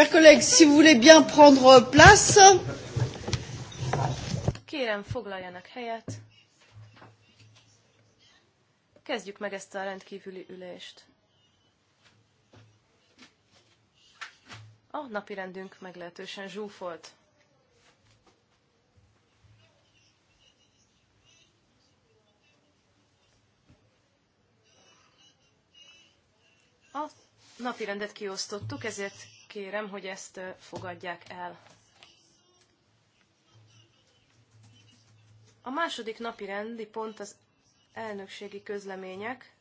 Chers collègues, si vous voulez bien prendre place. Kérem, foglaljanak helyet. Kezdjük meg ezt a rendkívüli ülést. A napi rendünk meglehetősen zsúfolt. A napi rendet kiosztottuk, ezért kérem, hogy ezt fogadják el. A második napi rendi pont az elnökségi közlemények.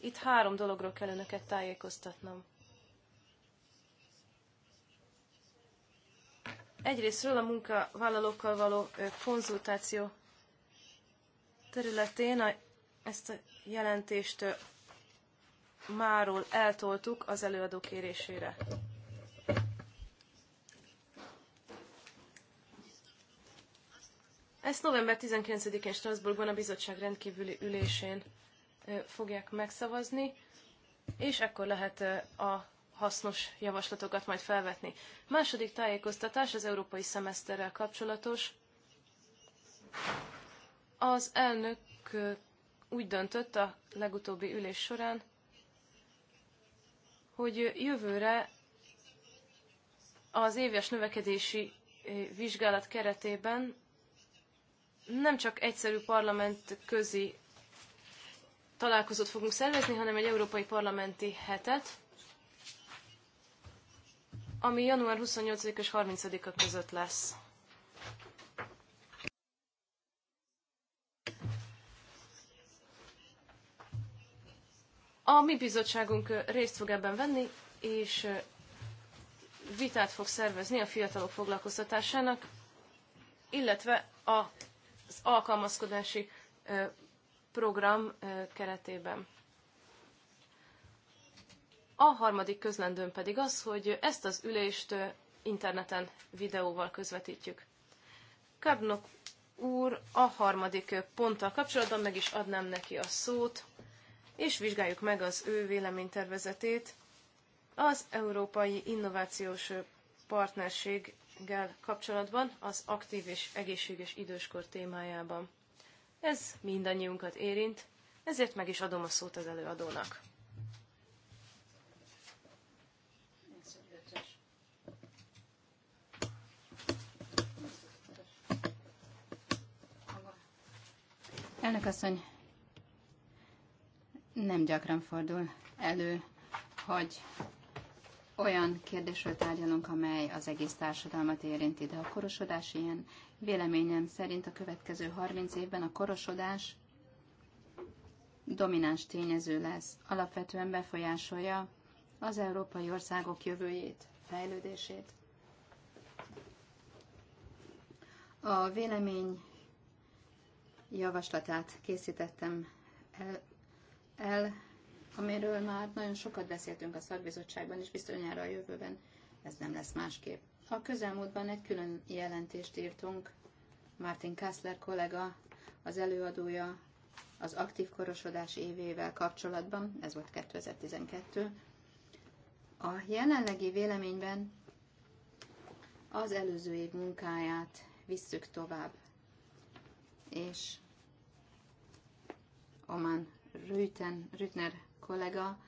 Itt három dologról kell önöket tájékoztatnom. Egyrésztről a munkavállalókkal való konzultáció területén a, ezt a jelentést máról eltoltuk az előadó kérésére. Ezt november 19-én Strasbourgban a bizottság rendkívüli ülésén fogják megszavazni, és ekkor lehet a hasznos javaslatokat majd felvetni. Második tájékoztatás az európai szemeszterrel kapcsolatos. Az elnök úgy döntött a legutóbbi ülés során, hogy jövőre az éves növekedési eh, vizsgálat keretében nem csak egyszerű parlament közi találkozót fogunk szervezni, hanem egy európai parlamenti hetet, ami január 28 és 30-a között lesz. A mi bizottságunk részt fog ebben venni, és vitát fog szervezni a fiatalok foglalkoztatásának, illetve az alkalmazkodási program keretében. A harmadik közlendőm pedig az, hogy ezt az ülést interneten videóval közvetítjük. Kábnok úr a harmadik ponttal kapcsolatban meg is adnám neki a szót és vizsgáljuk meg az ő véleménytervezetét az Európai Innovációs Partnerséggel kapcsolatban, az aktív és egészséges időskor témájában. Ez mindannyiunkat érint, ezért meg is adom a szót az előadónak. Elnök asszony, nem gyakran fordul elő, hogy olyan kérdésről tárgyalunk, amely az egész társadalmat érinti, de a korosodás ilyen. Véleményem szerint a következő 30 évben a korosodás domináns tényező lesz, alapvetően befolyásolja az európai országok jövőjét, fejlődését. A vélemény javaslatát készítettem el el, amiről már nagyon sokat beszéltünk a szakbizottságban, és bizonyára a jövőben ez nem lesz másképp. A közelmúltban egy külön jelentést írtunk, Martin Kassler kollega, az előadója az aktív korosodás évével kapcsolatban, ez volt 2012. A jelenlegi véleményben az előző év munkáját visszük tovább, és Oman Rüten, Rütner kollega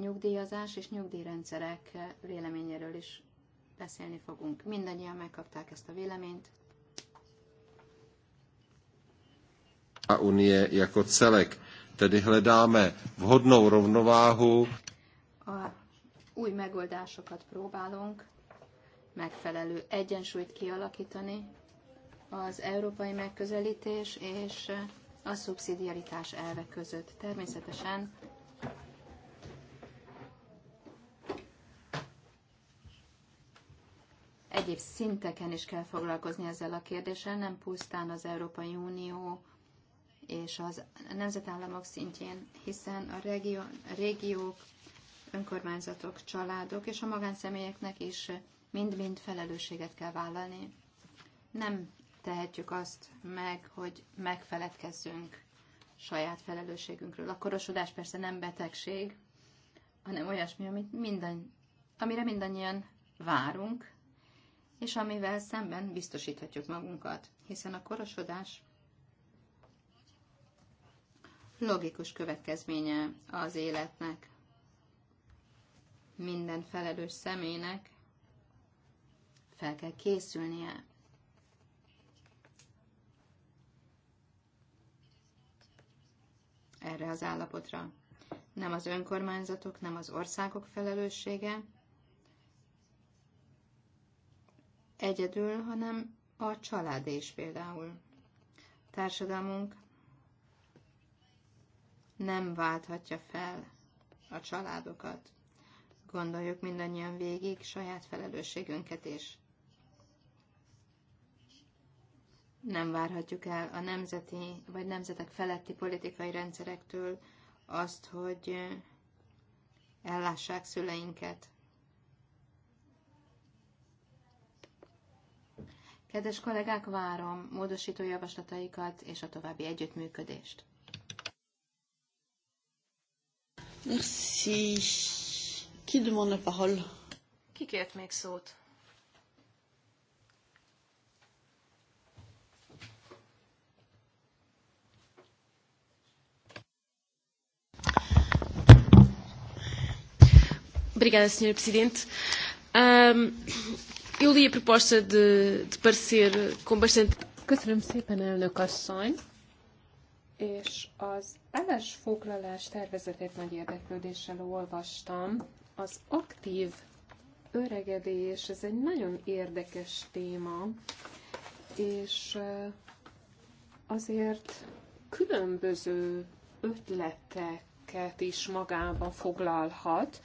nyugdíjazás és nyugdíjrendszerek véleményéről is beszélni fogunk. Mindannyian megkapták ezt a véleményt. A unie jako celek, tedy hledáme vhodnou rovnováhu. A új megoldásokat próbálunk, megfelelő egyensúlyt kialakítani, az európai megközelítés és a szubszidiaritás elve között. Természetesen egyéb szinteken is kell foglalkozni ezzel a kérdéssel, nem pusztán az Európai Unió és az nemzetállamok szintjén, hiszen a, régió, a régiók, önkormányzatok, családok és a magánszemélyeknek is mind-mind felelősséget kell vállalni. Nem tehetjük azt meg, hogy megfeledkezzünk saját felelősségünkről. A korosodás persze nem betegség, hanem olyasmi, amit minden, amire mindannyian várunk, és amivel szemben biztosíthatjuk magunkat, hiszen a korosodás logikus következménye az életnek, minden felelős személynek fel kell készülnie erre az állapotra. Nem az önkormányzatok, nem az országok felelőssége egyedül, hanem a család is például. Társadalmunk nem válthatja fel a családokat. Gondoljuk mindannyian végig saját felelősségünket is. nem várhatjuk el a nemzeti vagy nemzetek feletti politikai rendszerektől azt, hogy ellássák szüleinket. Kedves kollégák, várom módosító javaslataikat és a további együttműködést. Merci. Ki demande la parole? Ki kért még szót? Obrigada, Sr. Presidente. Um, eu li a proposta de, de parecer com bastante... Köszönöm szépen, elnök asszony. És az állásfoglalás tervezetét nagy érdeklődéssel olvastam. Az aktív öregedés, ez egy nagyon érdekes téma, és azért különböző ötleteket is magában foglalhat,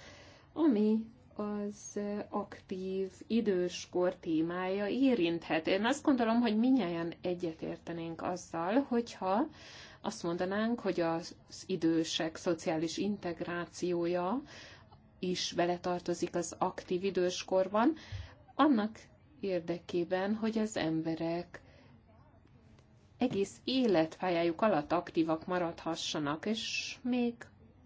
ami az aktív időskor témája érinthet. Én azt gondolom, hogy minnyáján egyetértenénk azzal, hogyha azt mondanánk, hogy az idősek szociális integrációja is beletartozik az aktív időskorban, annak érdekében, hogy az emberek egész életpályájuk alatt aktívak maradhassanak, és még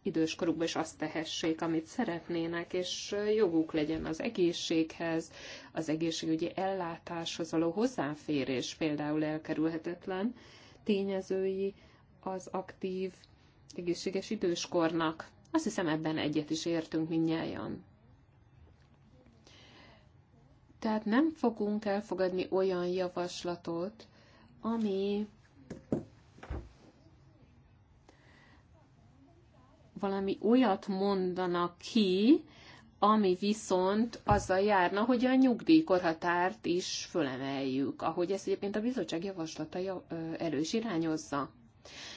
időskorukban is azt tehessék, amit szeretnének, és joguk legyen az egészséghez, az egészségügyi ellátáshoz való hozzáférés például elkerülhetetlen tényezői az aktív, egészséges időskornak. Azt hiszem ebben egyet is értünk mindnyájan. Tehát nem fogunk elfogadni olyan javaslatot, ami valami olyat mondanak ki, ami viszont azzal járna, hogy a nyugdíjkorhatárt is fölemeljük, ahogy ezt egyébként a bizottság javaslata elős irányozza.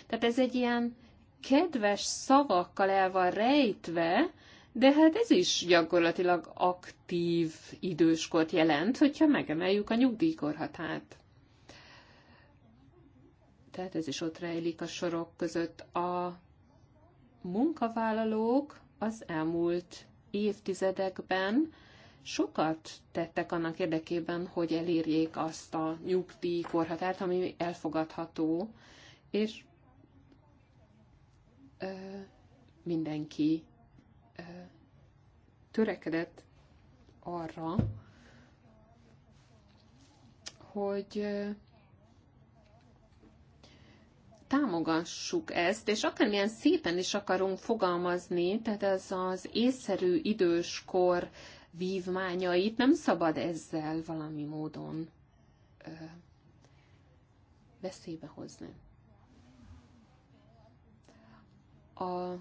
Tehát ez egy ilyen kedves szavakkal el van rejtve, de hát ez is gyakorlatilag aktív időskort jelent, hogyha megemeljük a nyugdíjkorhatárt. Tehát ez is ott rejlik a sorok között a munkavállalók az elmúlt évtizedekben sokat tettek annak érdekében, hogy elérjék azt a nyugdíjkorhatárt, ami elfogadható, és ö, mindenki ö, törekedett arra, hogy támogassuk ezt, és akármilyen szépen is akarunk fogalmazni, tehát ez az észszerű időskor vívmányait nem szabad ezzel valami módon ö, veszélybe hozni. A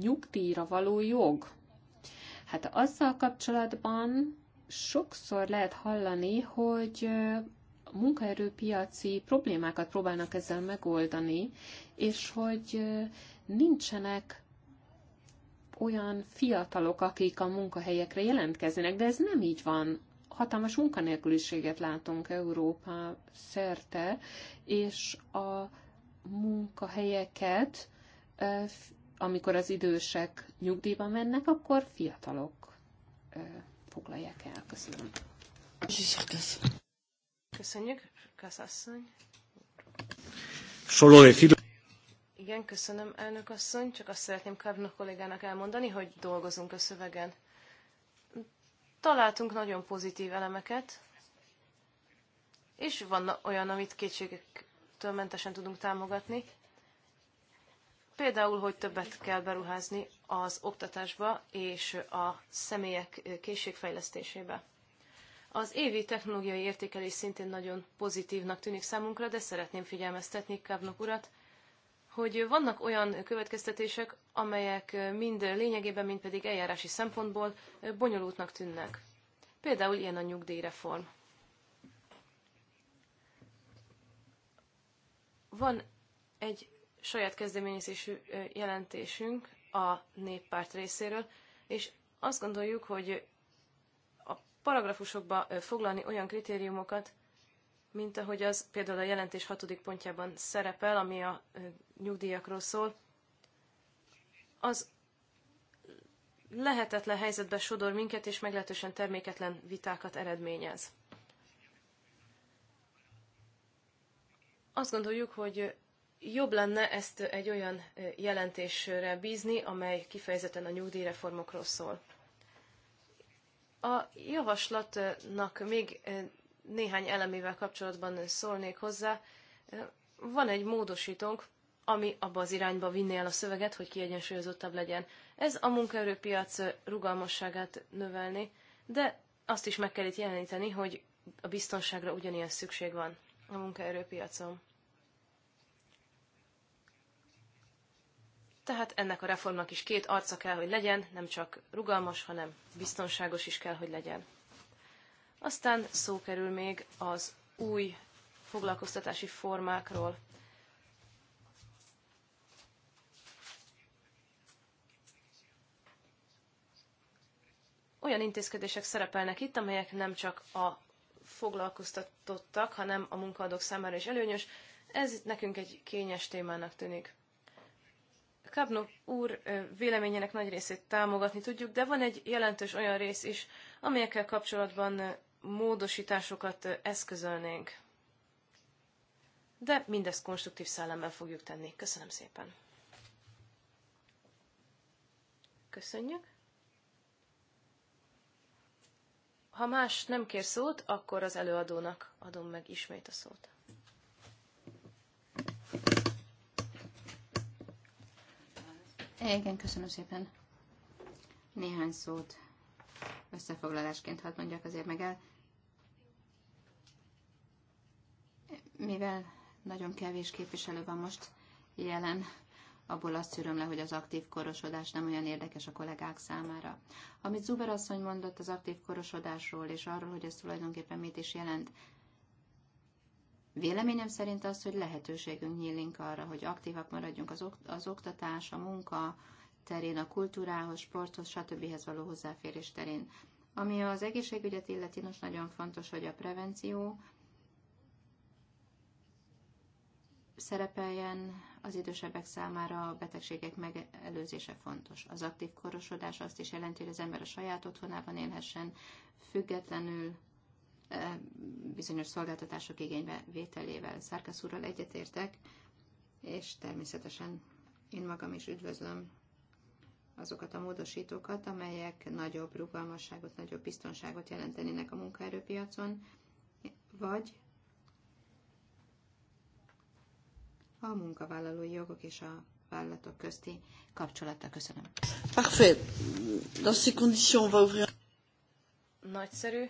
nyugdíjra való jog. Hát azzal kapcsolatban sokszor lehet hallani, hogy munkaerőpiaci problémákat próbálnak ezzel megoldani, és hogy nincsenek olyan fiatalok, akik a munkahelyekre jelentkeznek, de ez nem így van. Hatalmas munkanélküliséget látunk Európa szerte, és a munkahelyeket, amikor az idősek nyugdíjba mennek, akkor fiatalok foglalják el. Köszönöm. Köszönjük, Solo Igen, köszönöm, elnök asszony. Csak azt szeretném Kavna kollégának elmondani, hogy dolgozunk a szövegen. Találtunk nagyon pozitív elemeket, és van olyan, amit kétségektől mentesen tudunk támogatni. Például, hogy többet kell beruházni az oktatásba és a személyek készségfejlesztésébe. Az évi technológiai értékelés szintén nagyon pozitívnak tűnik számunkra, de szeretném figyelmeztetni Kávnok urat, hogy vannak olyan következtetések, amelyek mind lényegében, mind pedig eljárási szempontból bonyolultnak tűnnek. Például ilyen a nyugdíjreform. Van egy saját kezdeményezésű jelentésünk a néppárt részéről, és azt gondoljuk, hogy paragrafusokba foglalni olyan kritériumokat, mint ahogy az például a jelentés hatodik pontjában szerepel, ami a nyugdíjakról szól, az lehetetlen helyzetbe sodor minket, és meglehetősen terméketlen vitákat eredményez. Azt gondoljuk, hogy jobb lenne ezt egy olyan jelentésre bízni, amely kifejezetten a nyugdíjreformokról szól. A javaslatnak még néhány elemével kapcsolatban szólnék hozzá. Van egy módosítónk, ami abba az irányba vinné el a szöveget, hogy kiegyensúlyozottabb legyen. Ez a munkaerőpiac rugalmasságát növelni, de azt is meg kell itt jeleníteni, hogy a biztonságra ugyanilyen szükség van a munkaerőpiacon. Tehát ennek a reformnak is két arca kell, hogy legyen, nem csak rugalmas, hanem biztonságos is kell, hogy legyen. Aztán szó kerül még az új foglalkoztatási formákról. Olyan intézkedések szerepelnek itt, amelyek nem csak a foglalkoztatottak, hanem a munkaadók számára is előnyös. Ez nekünk egy kényes témának tűnik. Kábnok úr véleményének nagy részét támogatni tudjuk, de van egy jelentős olyan rész is, amelyekkel kapcsolatban módosításokat eszközölnénk. De mindezt konstruktív szellemmel fogjuk tenni. Köszönöm szépen. Köszönjük. Ha más nem kér szót, akkor az előadónak adom meg ismét a szót. Igen, köszönöm szépen. Néhány szót összefoglalásként hadd mondjak azért meg el. Mivel nagyon kevés képviselő van most jelen, abból azt szűröm le, hogy az aktív korosodás nem olyan érdekes a kollégák számára. Amit Zuber asszony mondott az aktív korosodásról, és arról, hogy ez tulajdonképpen mit is jelent, Véleményem szerint az, hogy lehetőségünk nyílik arra, hogy aktívak maradjunk az, az oktatás, a munka terén, a kultúrához, sporthoz, stb. való hozzáférés terén. Ami az egészségügyet illeti, most nagyon fontos, hogy a prevenció szerepeljen, az idősebbek számára a betegségek megelőzése fontos. Az aktív korosodás azt is jelenti, hogy az ember a saját otthonában élhessen, függetlenül bizonyos szolgáltatások igénybe vételével. Szárkasz úrral egyetértek, és természetesen én magam is üdvözlöm azokat a módosítókat, amelyek nagyobb rugalmasságot, nagyobb biztonságot jelentenének a munkaerőpiacon, vagy a munkavállalói jogok és a vállalatok közti kapcsolata. Köszönöm. Parfait. Dans ces conditions, on va ouvrir... Nagyszerű.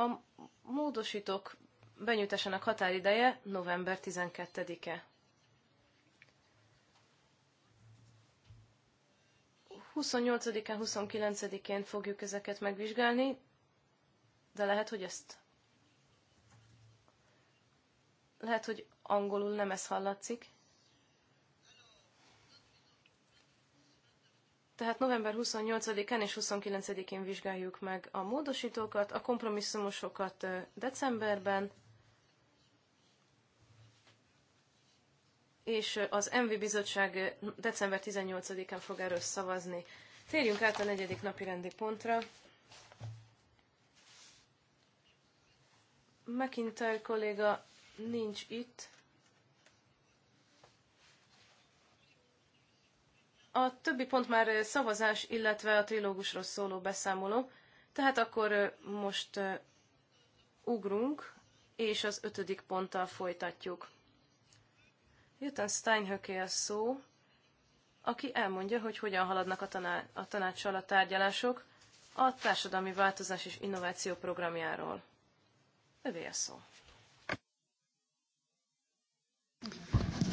A módosítók benyújtásának határideje november 12-e. 28-án, 29-én fogjuk ezeket megvizsgálni, de lehet, hogy ezt lehet, hogy angolul nem ez hallatszik. Tehát november 28-án és 29-én vizsgáljuk meg a módosítókat, a kompromisszumosokat decemberben, és az MV bizottság december 18-án fog erről szavazni. Térjünk át a negyedik napi rendi pontra. McIntyre kolléga nincs itt, A többi pont már szavazás, illetve a trilógusról szóló beszámoló, tehát akkor most ugrunk, és az ötödik ponttal folytatjuk. Jöttem Steinhöcké a szó, aki elmondja, hogy hogyan haladnak a, taná- a tanácssal a tárgyalások a Társadalmi Változás és Innováció programjáról. Övé a szó.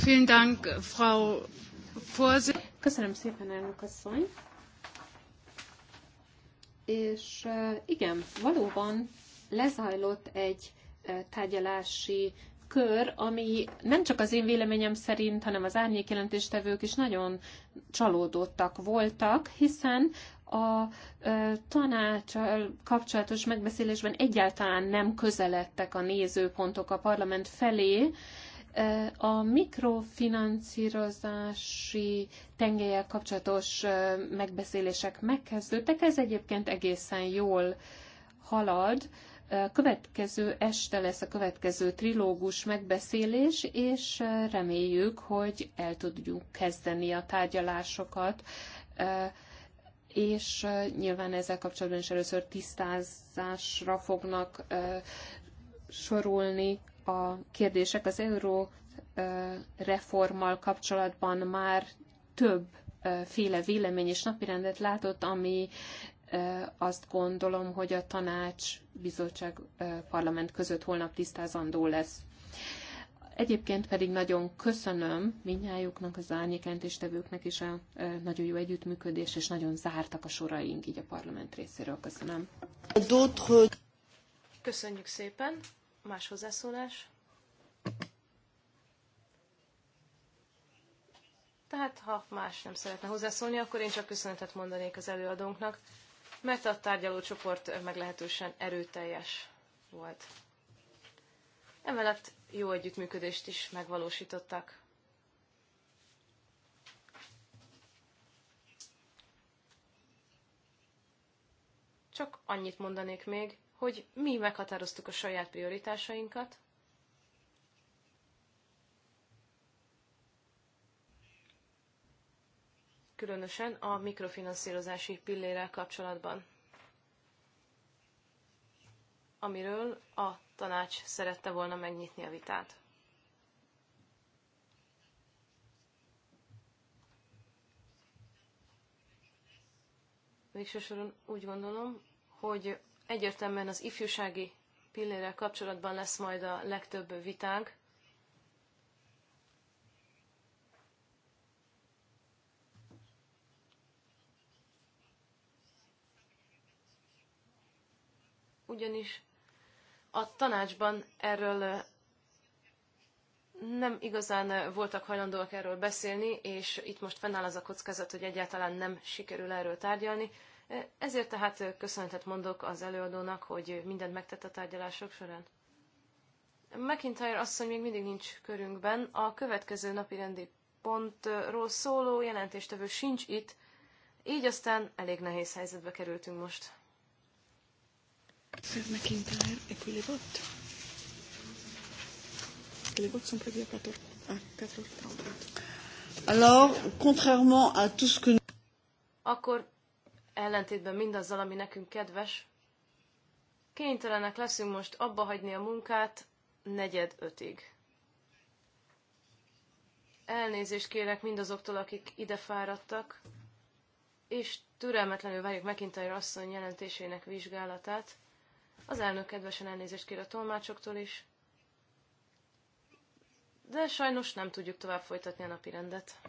Vielen Dank, Frau Köszönöm szépen, elnök asszony. És igen, valóban lezajlott egy tárgyalási kör, ami nem csak az én véleményem szerint, hanem az árnyék jelentéstevők is nagyon csalódottak voltak, hiszen a tanács kapcsolatos megbeszélésben egyáltalán nem közeledtek a nézőpontok a parlament felé, a mikrofinanszírozási tengelyel kapcsolatos megbeszélések megkezdődtek. Ez egyébként egészen jól halad. Következő este lesz a következő trilógus megbeszélés, és reméljük, hogy el tudjuk kezdeni a tárgyalásokat és nyilván ezzel kapcsolatban is először tisztázásra fognak sorolni a kérdések az euró reformmal kapcsolatban már több féle vélemény és napirendet látott, ami azt gondolom, hogy a tanács, bizottság, parlament között holnap tisztázandó lesz. Egyébként pedig nagyon köszönöm minnyájuknak, az árnyékentéstevőknek is a nagyon jó együttműködés, és nagyon zártak a soraink így a parlament részéről. Köszönöm. Köszönjük szépen. Más hozzászólás? Tehát, ha más nem szeretne hozzászólni, akkor én csak köszönetet mondanék az előadónknak, mert a tárgyalócsoport meglehetősen erőteljes volt. Emellett jó együttműködést is megvalósítottak. Csak annyit mondanék még, hogy mi meghatároztuk a saját prioritásainkat, különösen a mikrofinanszírozási pillérrel kapcsolatban, amiről a tanács szerette volna megnyitni a vitát. Végső soron úgy gondolom, hogy egyértelműen az ifjúsági pillérrel kapcsolatban lesz majd a legtöbb vitánk. Ugyanis a tanácsban erről nem igazán voltak hajlandóak erről beszélni, és itt most fennáll az a kockázat, hogy egyáltalán nem sikerül erről tárgyalni. Ezért tehát köszönetet mondok az előadónak, hogy mindent megtett a tárgyalások során. McIntyre asszony még mindig nincs körünkben. A következő napi rendi pontról szóló jelentéstevő sincs itt, így aztán elég nehéz helyzetbe kerültünk most. Sir McIntyre è qui le vote. Le vote Alors, contrairement à tout ce que... Akkor ellentétben mindazzal, ami nekünk kedves, kénytelenek leszünk most abba hagyni a munkát negyed ötig. Elnézést kérek mindazoktól, akik ide fáradtak, és türelmetlenül várjuk McIntyre asszony jelentésének vizsgálatát. Az elnök kedvesen elnézést kér a tolmácsoktól is, de sajnos nem tudjuk tovább folytatni a napi rendet.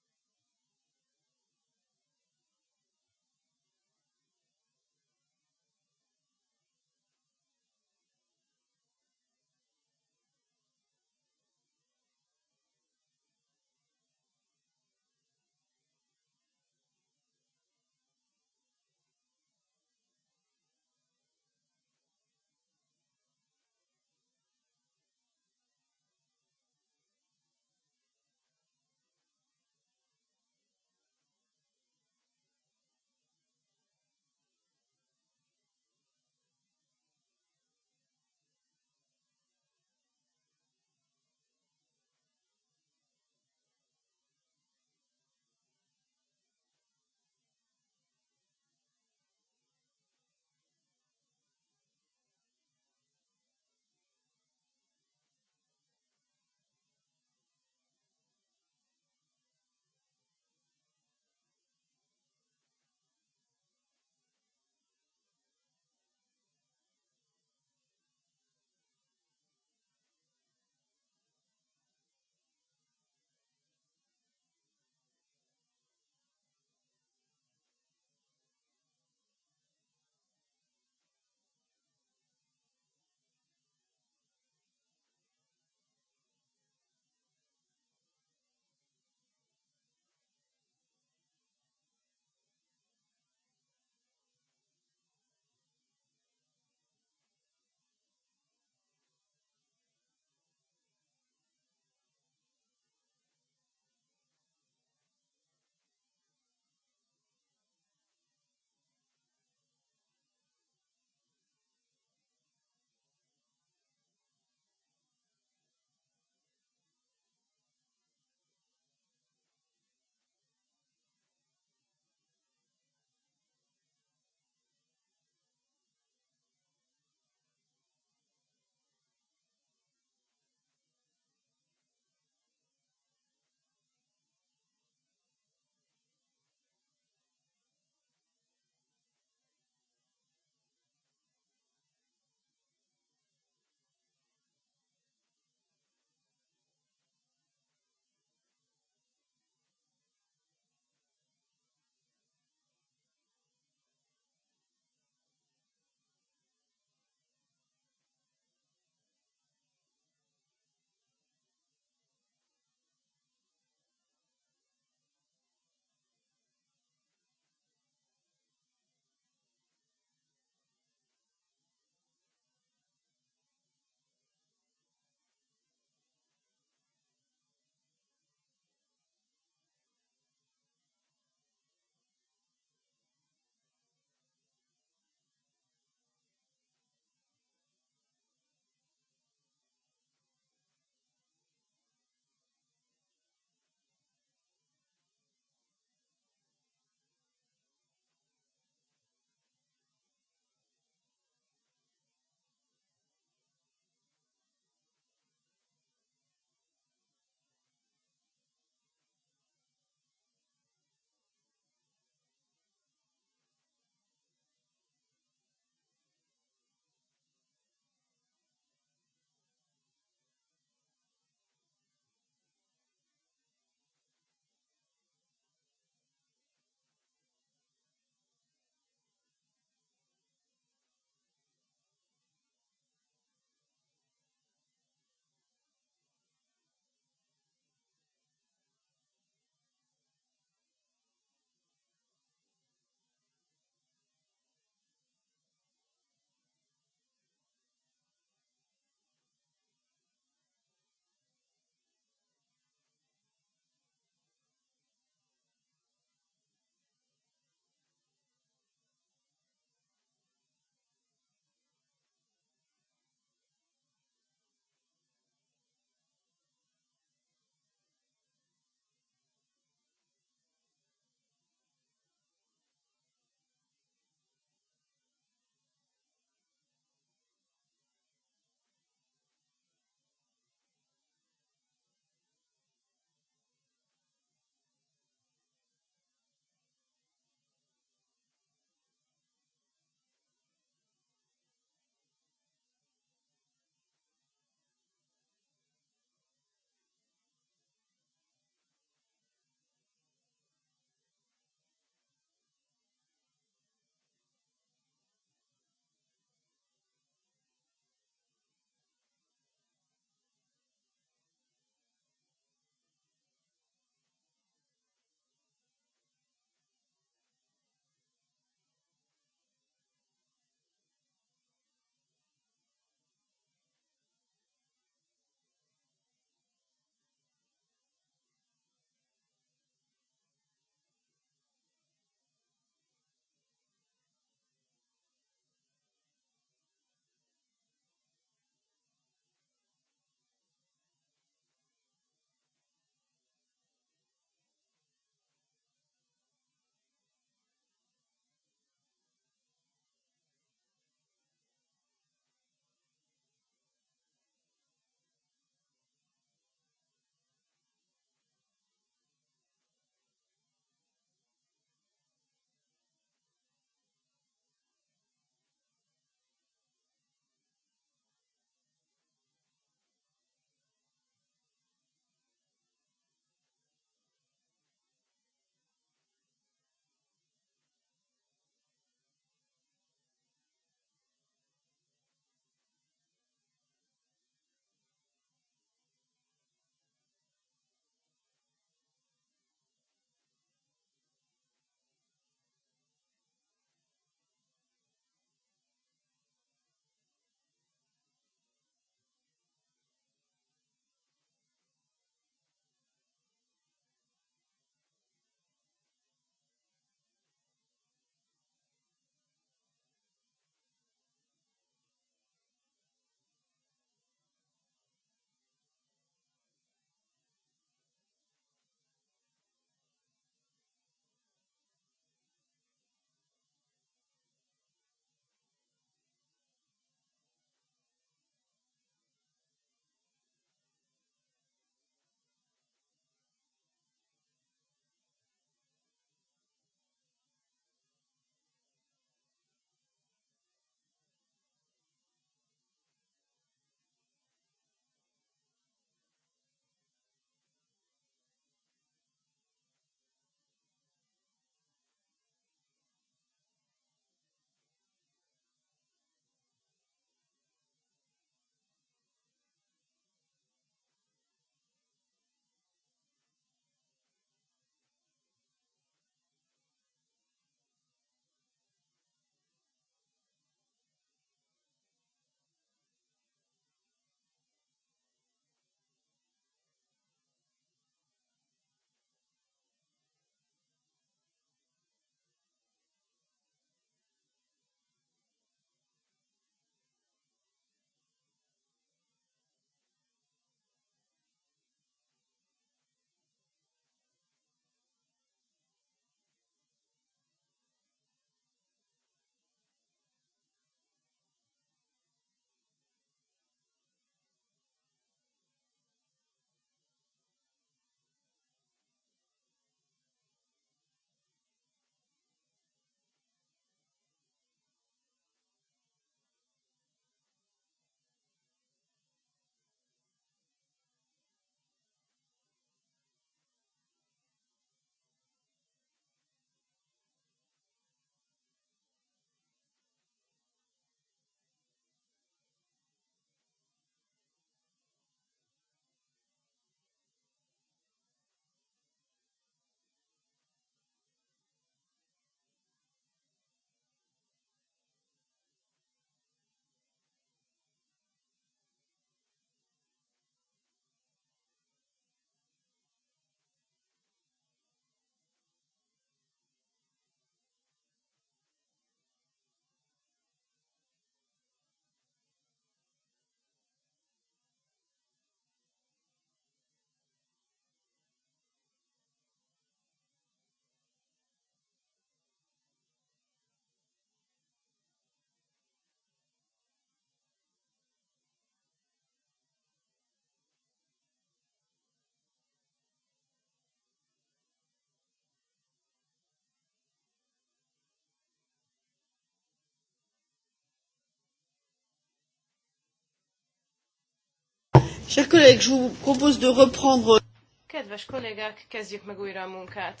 Chers collègues, je vous propose de reprendre. Kedves kollégák, kezdjük meg újra a munkát.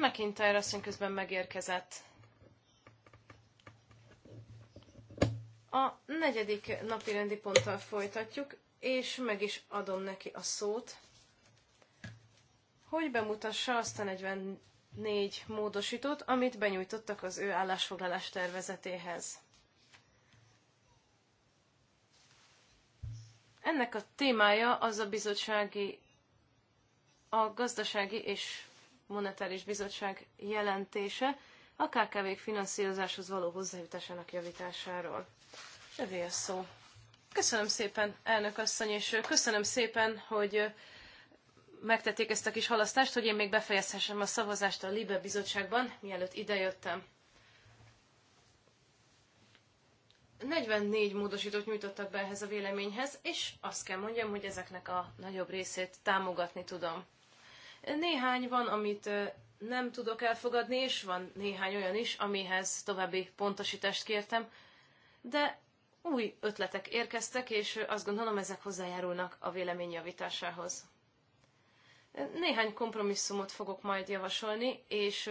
McIntyre asszony közben megérkezett. A negyedik napi rendi ponttal folytatjuk, és meg is adom neki a szót, hogy bemutassa azt a 44 módosítót, amit benyújtottak az ő állásfoglalás tervezetéhez. Ennek a témája az a bizottsági, a gazdasági és monetáris bizottság jelentése a kkv finanszírozáshoz való hozzájutásának javításáról. Övé a szó. Köszönöm szépen, elnök asszony, és köszönöm szépen, hogy megtették ezt a kis halasztást, hogy én még befejezhessem a szavazást a Libe bizottságban, mielőtt idejöttem. 44 módosítót nyújtottak be ehhez a véleményhez, és azt kell mondjam, hogy ezeknek a nagyobb részét támogatni tudom. Néhány van, amit nem tudok elfogadni, és van néhány olyan is, amihez további pontosítást kértem, de új ötletek érkeztek, és azt gondolom ezek hozzájárulnak a vélemény javításához. Néhány kompromisszumot fogok majd javasolni, és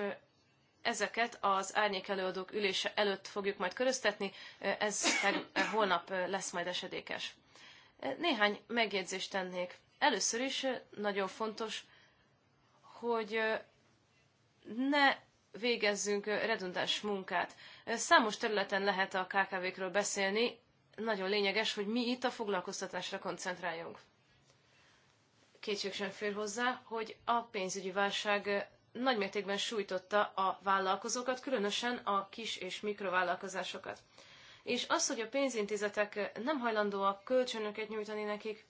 Ezeket az árnyék előadók ülése előtt fogjuk majd köröztetni, ez holnap lesz majd esedékes. Néhány megjegyzést tennék. Először is nagyon fontos, hogy ne végezzünk redundáns munkát. Számos területen lehet a KKV-kről beszélni, nagyon lényeges, hogy mi itt a foglalkoztatásra koncentráljunk. Kétség sem fér hozzá, hogy a pénzügyi válság nagymértékben sújtotta a vállalkozókat, különösen a kis és mikrovállalkozásokat. És az, hogy a pénzintézetek nem hajlandóak kölcsönöket nyújtani nekik,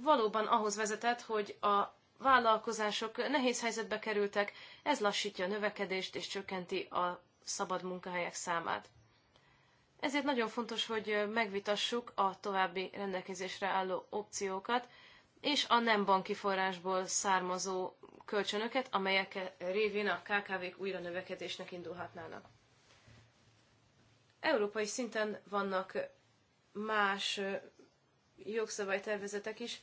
valóban ahhoz vezetett, hogy a vállalkozások nehéz helyzetbe kerültek, ez lassítja a növekedést és csökkenti a szabad munkahelyek számát. Ezért nagyon fontos, hogy megvitassuk a további rendelkezésre álló opciókat, és a nem banki forrásból származó kölcsönöket, amelyek révén a KKV-k újra növekedésnek indulhatnának. Európai szinten vannak más jogszabálytervezetek is.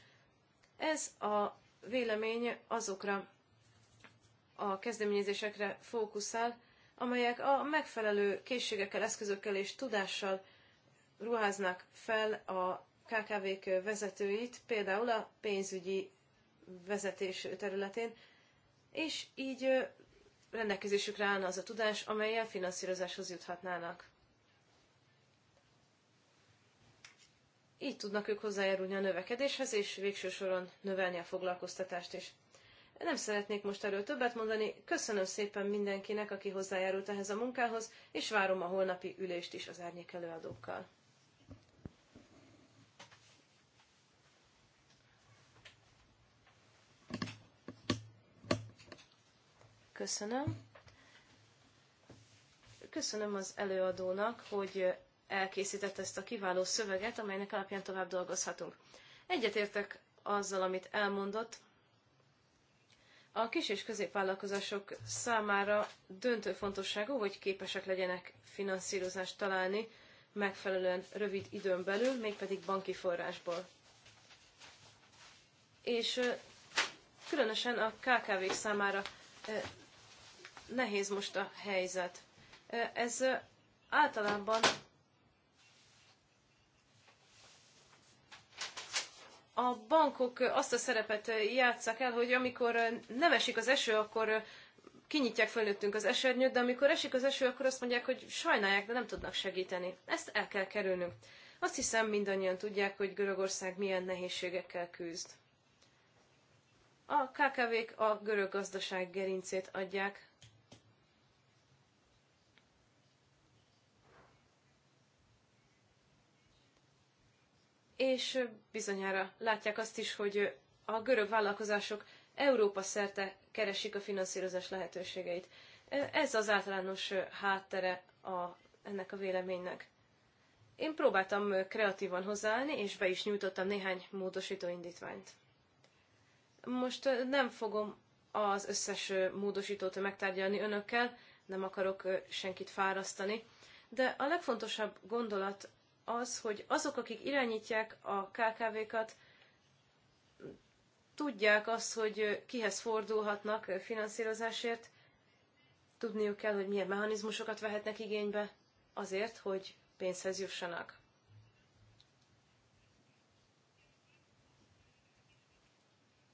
Ez a vélemény azokra a kezdeményezésekre fókuszál, amelyek a megfelelő készségekkel, eszközökkel és tudással ruháznak fel a KKV-k vezetőit, például a pénzügyi vezetés területén, és így rendelkezésükre állna az a tudás, amelyel finanszírozáshoz juthatnának. Így tudnak ők hozzájárulni a növekedéshez, és végső soron növelni a foglalkoztatást is. Nem szeretnék most erről többet mondani, köszönöm szépen mindenkinek, aki hozzájárult ehhez a munkához, és várom a holnapi ülést is az árnyék előadókkal. Köszönöm. Köszönöm az előadónak, hogy elkészített ezt a kiváló szöveget, amelynek alapján tovább dolgozhatunk. Egyetértek azzal, amit elmondott. A kis és középvállalkozások számára döntő fontosságú, hogy képesek legyenek finanszírozást találni megfelelően rövid időn belül, mégpedig banki forrásból. És különösen a KKV-k számára nehéz most a helyzet. Ez általában a bankok azt a szerepet játszák el, hogy amikor nem esik az eső, akkor kinyitják fölöttünk az esernyőt, de amikor esik az eső, akkor azt mondják, hogy sajnálják, de nem tudnak segíteni. Ezt el kell kerülnünk. Azt hiszem, mindannyian tudják, hogy Görögország milyen nehézségekkel küzd. A KKV-k a görög gazdaság gerincét adják, és bizonyára látják azt is, hogy a görög vállalkozások Európa szerte keresik a finanszírozás lehetőségeit. Ez az általános háttere a, ennek a véleménynek. Én próbáltam kreatívan hozzáállni, és be is nyújtottam néhány módosító indítványt. Most nem fogom az összes módosítót megtárgyalni önökkel, nem akarok senkit fárasztani, de a legfontosabb gondolat az, hogy azok, akik irányítják a KKV-kat, tudják azt, hogy kihez fordulhatnak finanszírozásért, tudniuk kell, hogy milyen mechanizmusokat vehetnek igénybe azért, hogy pénzhez jussanak.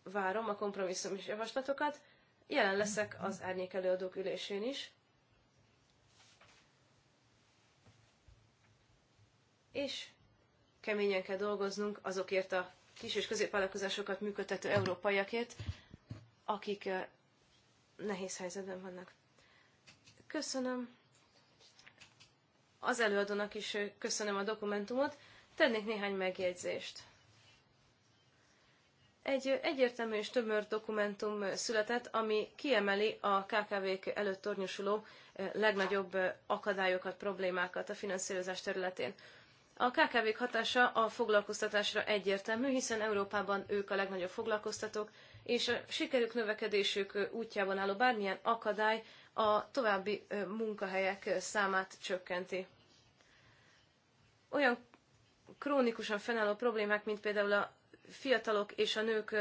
Várom a kompromisszum és javaslatokat, jelen leszek az árnyék előadók ülésén is, és keményen kell dolgoznunk azokért a kis és középvállalkozásokat működtető európaiakért, akik eh, nehéz helyzetben vannak. Köszönöm. Az előadónak is eh, köszönöm a dokumentumot. Tennék néhány megjegyzést. Egy eh, egyértelmű és tömör dokumentum született, ami kiemeli a KKV-k előtt tornyosuló legnagyobb akadályokat, problémákat a finanszírozás területén. A kkv hatása a foglalkoztatásra egyértelmű, hiszen Európában ők a legnagyobb foglalkoztatók, és a sikerük növekedésük útjában álló bármilyen akadály a további munkahelyek számát csökkenti. Olyan krónikusan fennálló problémák, mint például a fiatalok és a nők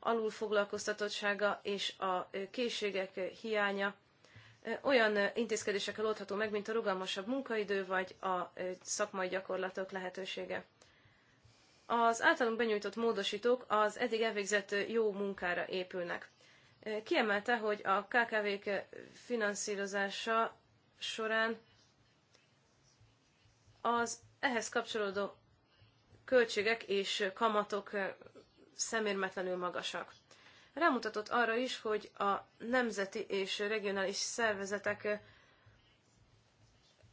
alulfoglalkoztatottsága és a készségek hiánya, olyan intézkedésekkel oldható meg, mint a rugalmasabb munkaidő vagy a szakmai gyakorlatok lehetősége. Az általunk benyújtott módosítók az eddig elvégzett jó munkára épülnek. Kiemelte, hogy a KKV-k finanszírozása során az ehhez kapcsolódó költségek és kamatok szemérmetlenül magasak rámutatott arra is, hogy a nemzeti és regionális szervezetek eh,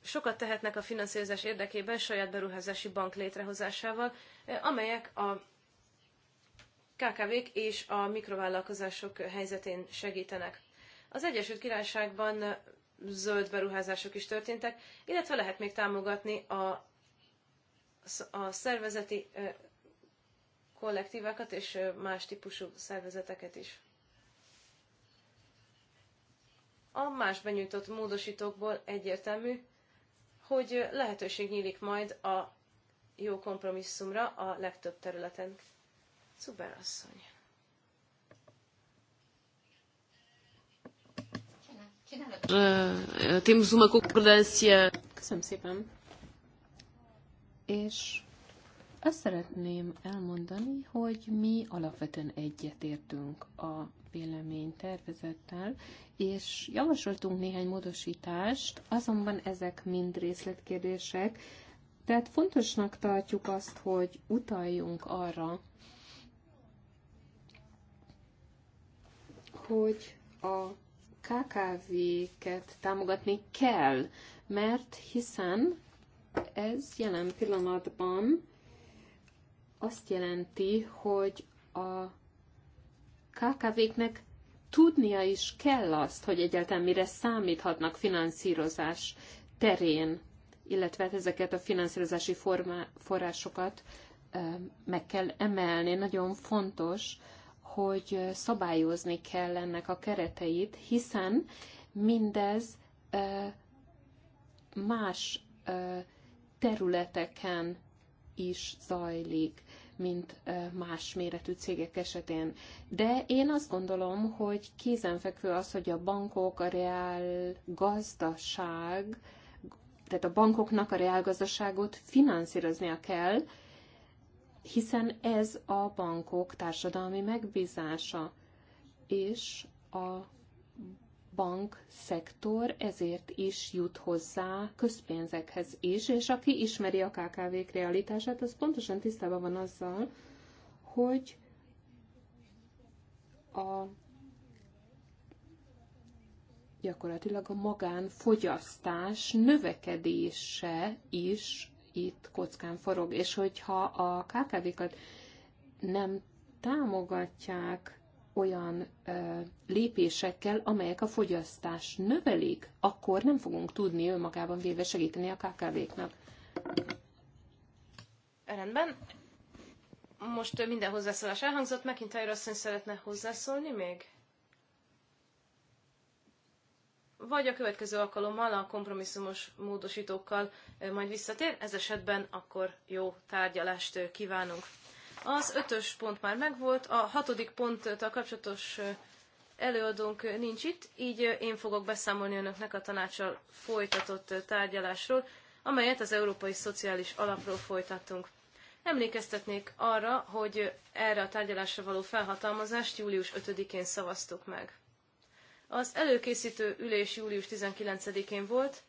sokat tehetnek a finanszírozás érdekében saját beruházási bank létrehozásával, eh, amelyek a KKV-k és a mikrovállalkozások helyzetén segítenek. Az Egyesült Királyságban eh, zöld beruházások is történtek, illetve lehet még támogatni a, a szervezeti kollektívákat és más típusú szervezeteket is. A más benyújtott módosítókból egyértelmű, hogy lehetőség nyílik majd a jó kompromisszumra a legtöbb területen. Szuper asszony. Köszönöm szépen. És azt szeretném elmondani, hogy mi alapvetően egyetértünk a vélemény tervezettel, és javasoltunk néhány módosítást, azonban ezek mind részletkérdések, tehát fontosnak tartjuk azt, hogy utaljunk arra, hogy a KKV-ket támogatni kell, mert hiszen ez jelen pillanatban azt jelenti, hogy a KKV-knek tudnia is kell azt, hogy egyáltalán mire számíthatnak finanszírozás terén, illetve hát ezeket a finanszírozási formá, forrásokat meg kell emelni. Nagyon fontos, hogy szabályozni kell ennek a kereteit, hiszen mindez más területeken is zajlik mint más méretű cégek esetén. De én azt gondolom, hogy kézenfekvő az, hogy a bankok, a reál gazdaság, tehát a bankoknak a gazdaságot finanszíroznia kell, hiszen ez a bankok társadalmi megbízása, és a bankszektor ezért is jut hozzá közpénzekhez is, és aki ismeri a KKV-k realitását, az pontosan tisztában van azzal, hogy a gyakorlatilag a magánfogyasztás növekedése is itt kockán forog, és hogyha a KKV-kat nem támogatják olyan ö, lépésekkel, amelyek a fogyasztás növelik, akkor nem fogunk tudni önmagában véve segíteni a KKV-knak. Rendben. Most minden hozzászólás elhangzott. McIntyre asszony szeretne hozzászólni még? Vagy a következő alkalommal a kompromisszumos módosítókkal majd visszatér. Ez esetben akkor jó tárgyalást kívánunk. Az ötös pont már megvolt, a hatodik ponttal kapcsolatos előadónk nincs itt, így én fogok beszámolni önöknek a tanácsal folytatott tárgyalásról, amelyet az Európai Szociális Alapról folytattunk. Emlékeztetnék arra, hogy erre a tárgyalásra való felhatalmazást július 5-én szavaztuk meg. Az előkészítő ülés július 19-én volt,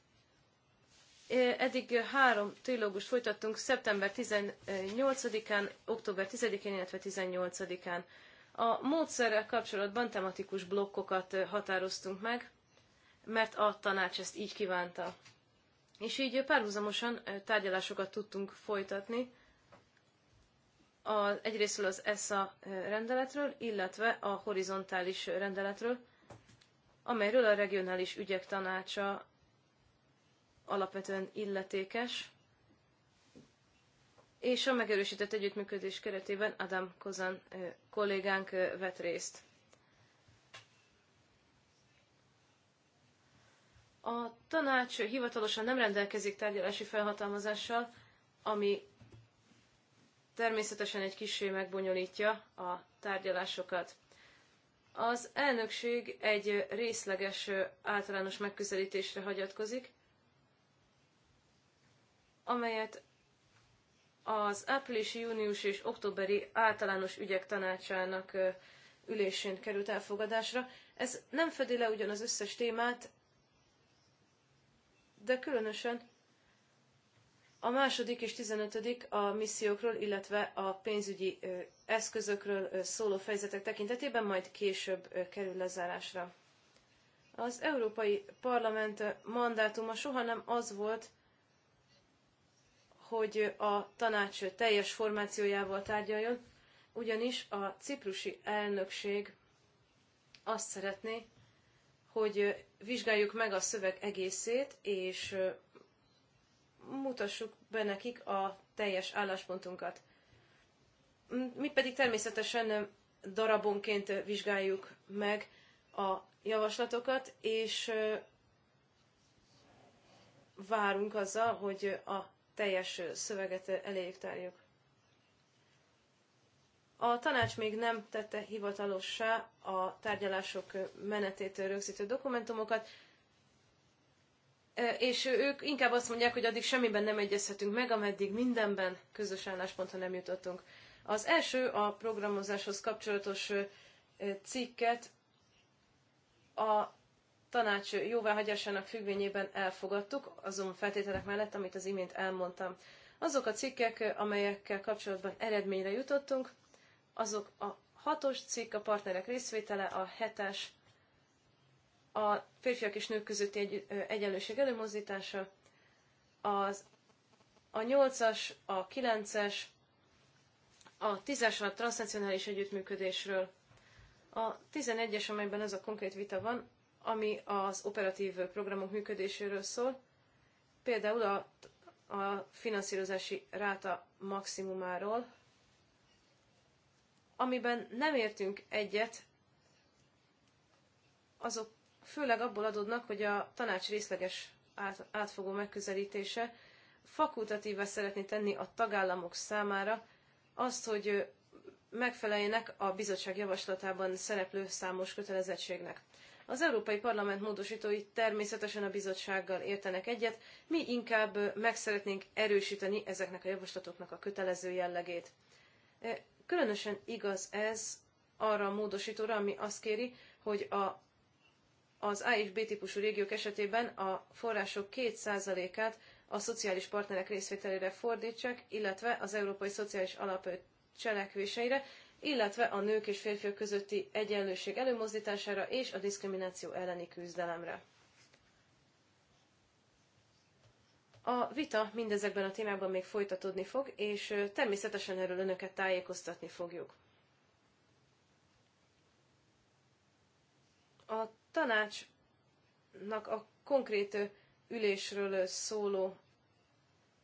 Eddig három trilógus folytattunk szeptember 18-án, október 10-én, illetve 18-án. A módszerrel kapcsolatban tematikus blokkokat határoztunk meg, mert a tanács ezt így kívánta. És így párhuzamosan tárgyalásokat tudtunk folytatni, a, egyrésztről az ESA rendeletről, illetve a horizontális rendeletről, amelyről a regionális ügyek tanácsa alapvetően illetékes, és a megerősített együttműködés keretében Adam Kozan kollégánk vett részt. A tanács hivatalosan nem rendelkezik tárgyalási felhatalmazással, ami természetesen egy kisé megbonyolítja a tárgyalásokat. Az elnökség egy részleges általános megközelítésre hagyatkozik, amelyet az áprilisi, június és októberi általános ügyek tanácsának ülésén került elfogadásra. Ez nem fedi le ugyan az összes témát, de különösen a második és tizenötödik a missziókról, illetve a pénzügyi eszközökről szóló fejezetek tekintetében majd később kerül lezárásra. Az Európai Parlament mandátuma soha nem az volt, hogy a tanács teljes formációjával tárgyaljon, ugyanis a ciprusi elnökség azt szeretné, hogy vizsgáljuk meg a szöveg egészét, és mutassuk be nekik a teljes álláspontunkat. Mi pedig természetesen darabonként vizsgáljuk meg a javaslatokat, és várunk azzal, hogy a teljes szöveget eléjük tárjuk. A tanács még nem tette hivatalossá a tárgyalások menetét rögzítő dokumentumokat, és ők inkább azt mondják, hogy addig semmiben nem egyezhetünk meg, ameddig mindenben közös álláspontra nem jutottunk. Az első a programozáshoz kapcsolatos cikket a tanács jóváhagyásának függvényében elfogadtuk azon feltételek mellett, amit az imént elmondtam. Azok a cikkek, amelyekkel kapcsolatban eredményre jutottunk, azok a hatos cikk, a partnerek részvétele, a hetes, a férfiak és nők közötti egy, egyenlőség előmozdítása, az, a nyolcas, a kilences, a tízes a transznacionális együttműködésről, a tizenegyes, amelyben ez a konkrét vita van, ami az operatív programok működéséről szól, például a, a finanszírozási ráta maximumáról, amiben nem értünk egyet, azok főleg abból adódnak, hogy a tanács részleges át, átfogó megközelítése fakultatíve szeretné tenni a tagállamok számára azt, hogy megfeleljenek a bizottság javaslatában szereplő számos kötelezettségnek. Az Európai Parlament módosítói természetesen a bizottsággal értenek egyet, mi inkább meg szeretnénk erősíteni ezeknek a javaslatoknak a kötelező jellegét. Különösen igaz ez arra a módosítóra, ami azt kéri, hogy a, az A és B típusú régiók esetében a források 2%-át a szociális partnerek részvételére fordítsák, illetve az Európai Szociális Alap cselekvéseire, illetve a nők és férfiak közötti egyenlőség előmozdítására és a diszkrimináció elleni küzdelemre. A vita mindezekben a témában még folytatódni fog, és természetesen erről önöket tájékoztatni fogjuk. A tanácsnak a konkrét ülésről szóló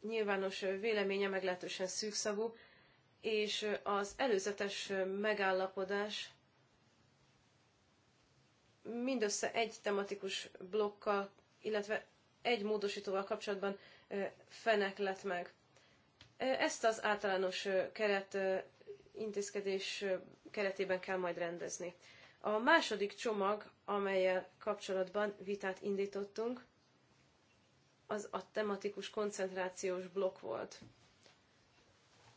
nyilvános véleménye meglehetősen szűkszavú, és az előzetes megállapodás mindössze egy tematikus blokkal, illetve egy módosítóval kapcsolatban fenek lett meg. Ezt az általános keret intézkedés keretében kell majd rendezni. A második csomag, amelyel kapcsolatban vitát indítottunk, az a tematikus koncentrációs blokk volt.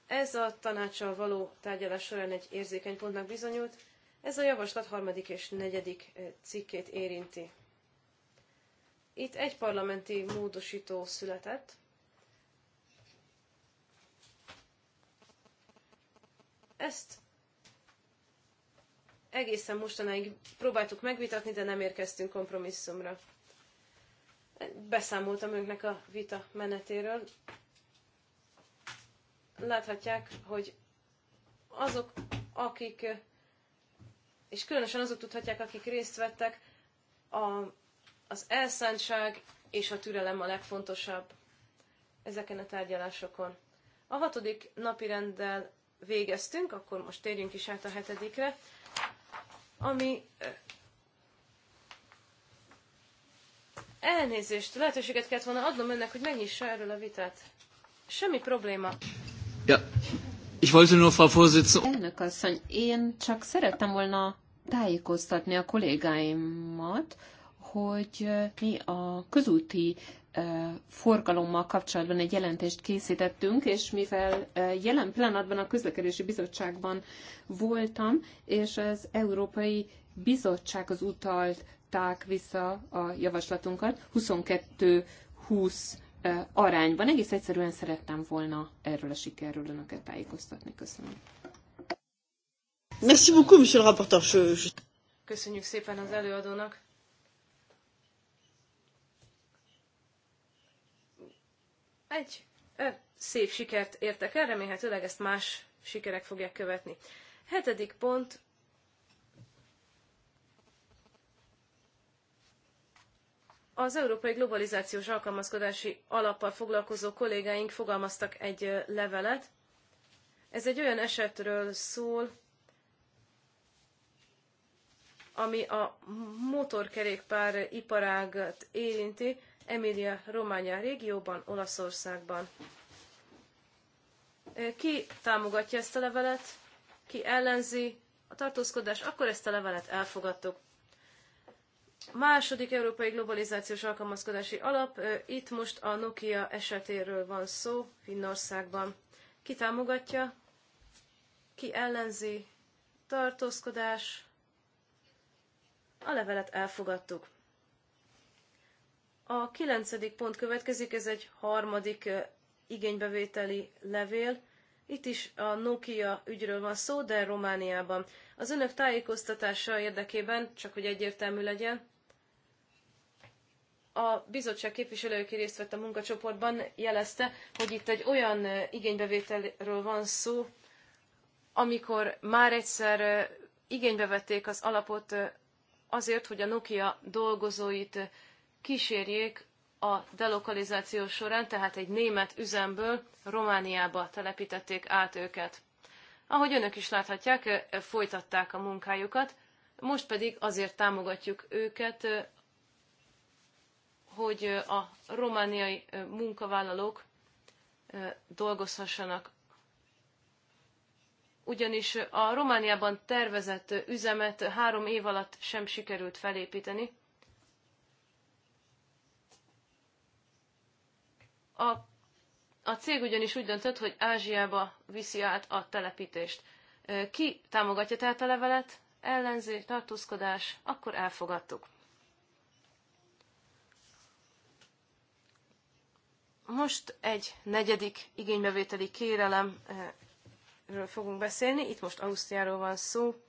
Ez a tanácssal való tárgyalás során egy érzékeny pontnak bizonyult, ez a javaslat harmadik és negyedik eh, cikkét érinti. Itt egy parlamenti módosító született, ezt egészen mostanáig próbáltuk megvitatni, de nem érkeztünk kompromisszumra. Beszámoltam önnek a vita menetéről, láthatják, hogy azok, akik, és különösen azok tudhatják, akik részt vettek, a, az elszántság és a türelem a legfontosabb ezeken a tárgyalásokon. A hatodik napi rendel végeztünk, akkor most térjünk is át a hetedikre, ami elnézést, lehetőséget kellett volna adnom önnek, hogy megnyissa erről a vitát. Semmi probléma. Ja. Ich wollte nur, Frau Vorsitzende... Elnök asszony, én csak szerettem volna tájékoztatni a kollégáimat, hogy mi a közúti forgalommal kapcsolatban egy jelentést készítettünk, és mivel jelen pillanatban a közlekedési bizottságban voltam, és az Európai Bizottsághoz utalták vissza a javaslatunkat, 22 20 arányban. Egész egyszerűen szerettem volna erről a sikerről önöket tájékoztatni. Köszönöm. Merci beaucoup, monsieur le rapporteur. Köszönjük szépen az előadónak. Egy ö, szép sikert értek el, remélhetőleg ezt más sikerek fogják követni. Hetedik pont, Az Európai Globalizációs Alkalmazkodási Alappal foglalkozó kollégáink fogalmaztak egy levelet. Ez egy olyan esetről szól, ami a motorkerékpár iparágat érinti Emilia Románia régióban, Olaszországban. Ki támogatja ezt a levelet, ki ellenzi a tartózkodást, akkor ezt a levelet elfogadtuk. Második európai globalizációs alkalmazkodási alap, itt most a Nokia esetéről van szó Finnországban. Ki támogatja, ki ellenzi, tartózkodás, a levelet elfogadtuk. A kilencedik pont következik, ez egy harmadik igénybevételi levél. Itt is a Nokia ügyről van szó, de Romániában. Az önök tájékoztatása érdekében, csak hogy egyértelmű legyen, a bizottság képviselő, aki részt vett a munkacsoportban, jelezte, hogy itt egy olyan igénybevételről van szó, amikor már egyszer igénybe vették az alapot azért, hogy a Nokia dolgozóit kísérjék a delokalizáció során, tehát egy német üzemből Romániába telepítették át őket. Ahogy önök is láthatják, folytatták a munkájukat, most pedig azért támogatjuk őket, hogy a romániai munkavállalók dolgozhassanak. Ugyanis a Romániában tervezett üzemet három év alatt sem sikerült felépíteni. A, a cég ugyanis úgy döntött, hogy Ázsiába viszi át a telepítést. Ki támogatja tehát a levelet? Ellenzé, tartózkodás, akkor elfogadtuk. Most egy negyedik igénybevételi kérelemről fogunk beszélni. Itt most Ausztriáról van szó.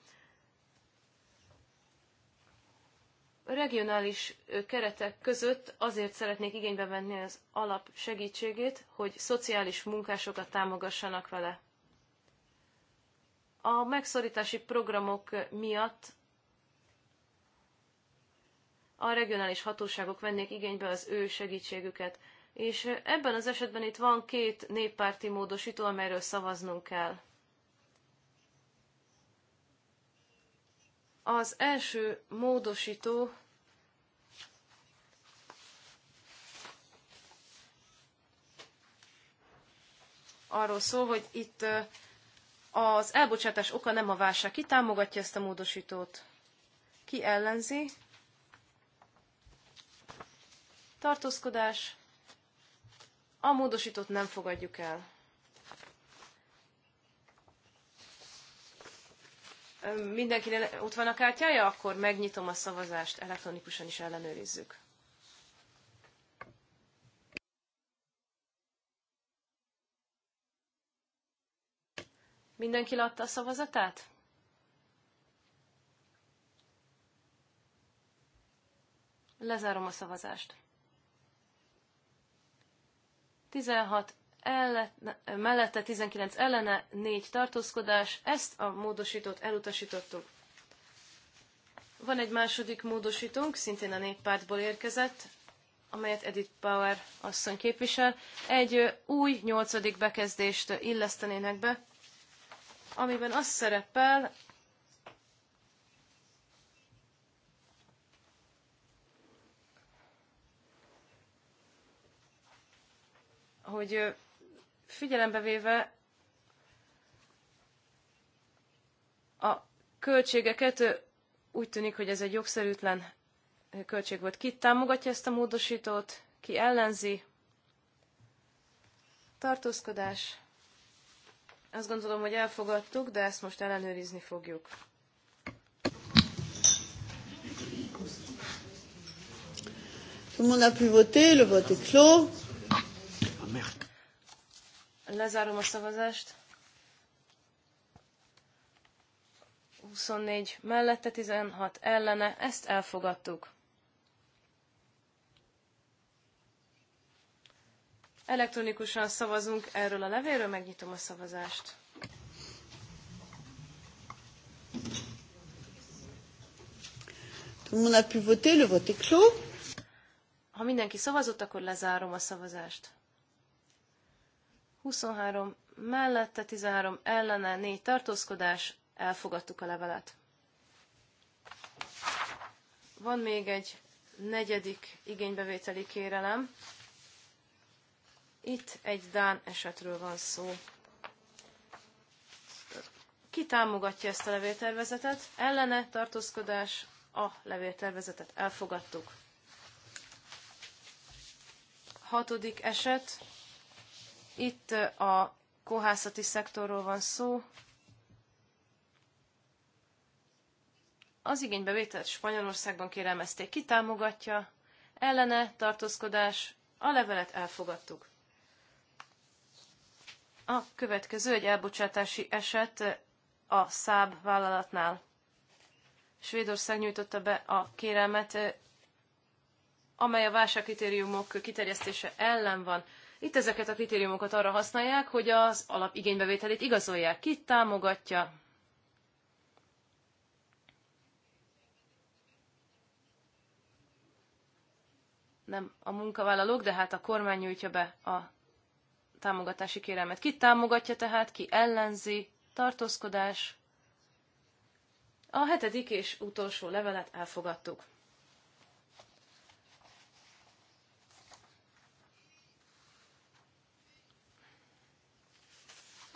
Regionális keretek között azért szeretnék igénybe venni az alap segítségét, hogy szociális munkásokat támogassanak vele. A megszorítási programok miatt a regionális hatóságok vennék igénybe az ő segítségüket – és ebben az esetben itt van két néppárti módosító, amelyről szavaznunk kell. Az első módosító arról szól, hogy itt az elbocsátás oka nem a válság. Ki támogatja ezt a módosítót? Ki ellenzi? Tartózkodás. A módosítót nem fogadjuk el. Mindenkinek ott van a kártyája, akkor megnyitom a szavazást, elektronikusan is ellenőrizzük. Mindenki látta a szavazatát? Lezárom a szavazást. 16 ellet, mellette, 19 ellene, 4 tartózkodás. Ezt a módosítót elutasítottuk. Van egy második módosítónk, szintén a néppártból érkezett, amelyet Edith Power asszony képvisel. Egy új nyolcadik bekezdést illesztenének be, amiben az szerepel, hogy figyelembe véve a költségeket úgy tűnik, hogy ez egy jogszerűtlen költség volt. Ki támogatja ezt a módosítót, ki ellenzi? Tartózkodás. Azt gondolom, hogy elfogadtuk, de ezt most ellenőrizni fogjuk. Tout le monde a pu voter, le vote est clos. Merkel. Lezárom a szavazást. 24 mellette, 16 ellene, ezt elfogadtuk. Elektronikusan szavazunk erről a levélről. megnyitom a szavazást. Tout le monde a pu voter, le vote est clos. Ha mindenki szavazott, akkor lezárom a szavazást. 23 mellette, 13 ellene, 4 tartózkodás, elfogadtuk a levelet. Van még egy negyedik igénybevételi kérelem. Itt egy Dán esetről van szó. Ki támogatja ezt a levéltervezetet? Ellene tartózkodás, a levéltervezetet elfogadtuk. Hatodik eset, itt a kohászati szektorról van szó. Az igénybevételt Spanyolországban kérelmezték. Ki támogatja? Ellene tartózkodás. A levelet elfogadtuk. A következő egy elbocsátási eset a Száb vállalatnál. Svédország nyújtotta be a kérelmet, amely a válságkritériumok kiterjesztése ellen van. Itt ezeket a kritériumokat arra használják, hogy az alap igénybevételét igazolják. Ki támogatja? Nem a munkavállalók, de hát a kormány nyújtja be a támogatási kérelmet. Ki támogatja tehát, ki ellenzi, tartózkodás. A hetedik és utolsó levelet elfogadtuk.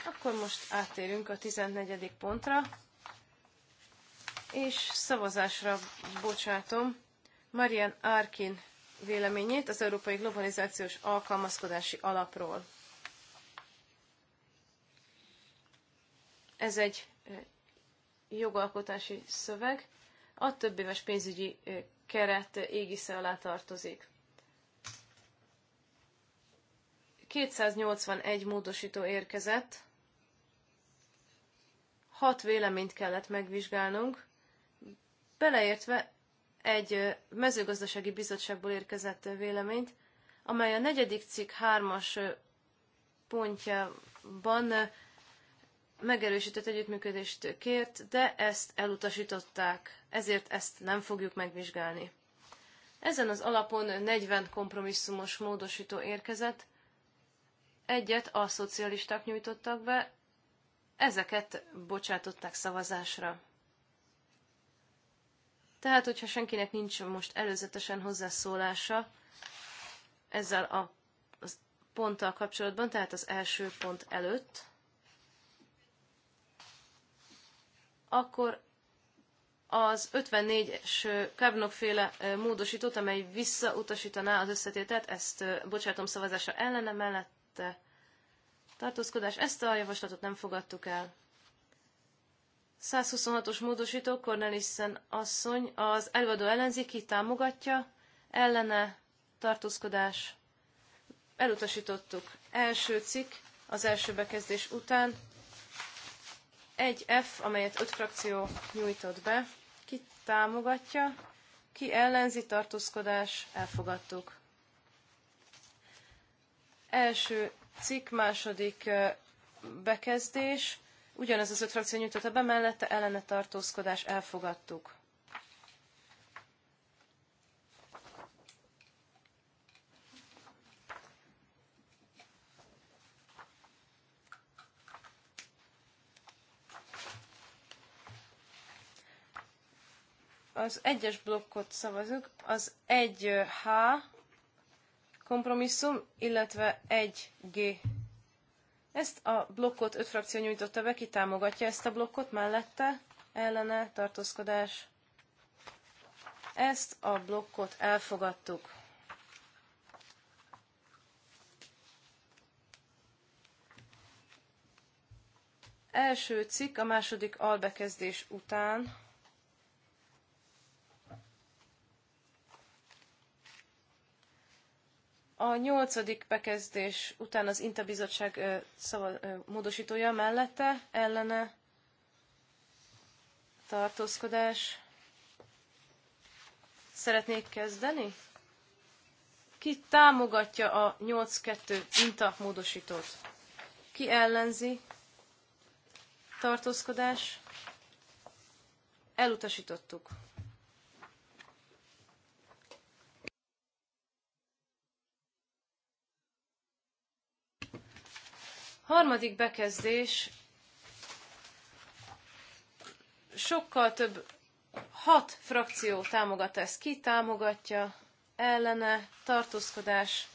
Akkor most áttérünk a 14. pontra, és szavazásra bocsátom Marian Arkin véleményét az Európai Globalizációs Alkalmazkodási Alapról. Ez egy jogalkotási szöveg, a több éves pénzügyi keret égisze alá tartozik. 281 módosító érkezett, hat véleményt kellett megvizsgálnunk, beleértve egy mezőgazdasági bizottságból érkezett véleményt, amely a negyedik cikk hármas pontjában megerősített együttműködést kért, de ezt elutasították, ezért ezt nem fogjuk megvizsgálni. Ezen az alapon 40 kompromisszumos módosító érkezett, egyet a szocialisták nyújtottak be, ezeket bocsátották szavazásra. Tehát, hogyha senkinek nincs most előzetesen hozzászólása ezzel a ponttal kapcsolatban, tehát az első pont előtt, akkor az 54-es Kávnok-féle módosítót, amely visszautasítaná az összetételt, ezt bocsátom szavazásra ellene mellette, tartózkodás. Ezt a javaslatot nem fogadtuk el. 126-os módosító Cornelissen asszony az előadó ellenzéki támogatja, ellene tartózkodás. Elutasítottuk. Első cikk az első bekezdés után. Egy F, amelyet öt frakció nyújtott be. Ki támogatja, ki ellenzi tartózkodás, elfogadtuk. Első cikk második bekezdés. Ugyanez az öt frakció nyújtotta be, mellette ellene tartózkodás elfogadtuk. Az egyes blokkot szavazunk, az 1H kompromisszum, illetve 1G. Ezt a blokkot öt frakció nyújtotta be, ki támogatja ezt a blokkot, mellette ellene tartózkodás. Ezt a blokkot elfogadtuk. Első cikk a második albekezdés után. A nyolcadik bekezdés után az INTA bizottság módosítója mellette ellene tartózkodás. Szeretnék kezdeni? Ki támogatja a 82 2 INTA módosítót? Ki ellenzi? Tartózkodás. Elutasítottuk. harmadik bekezdés sokkal több, hat frakció támogat ezt. Ki támogatja, ellene, tartózkodás,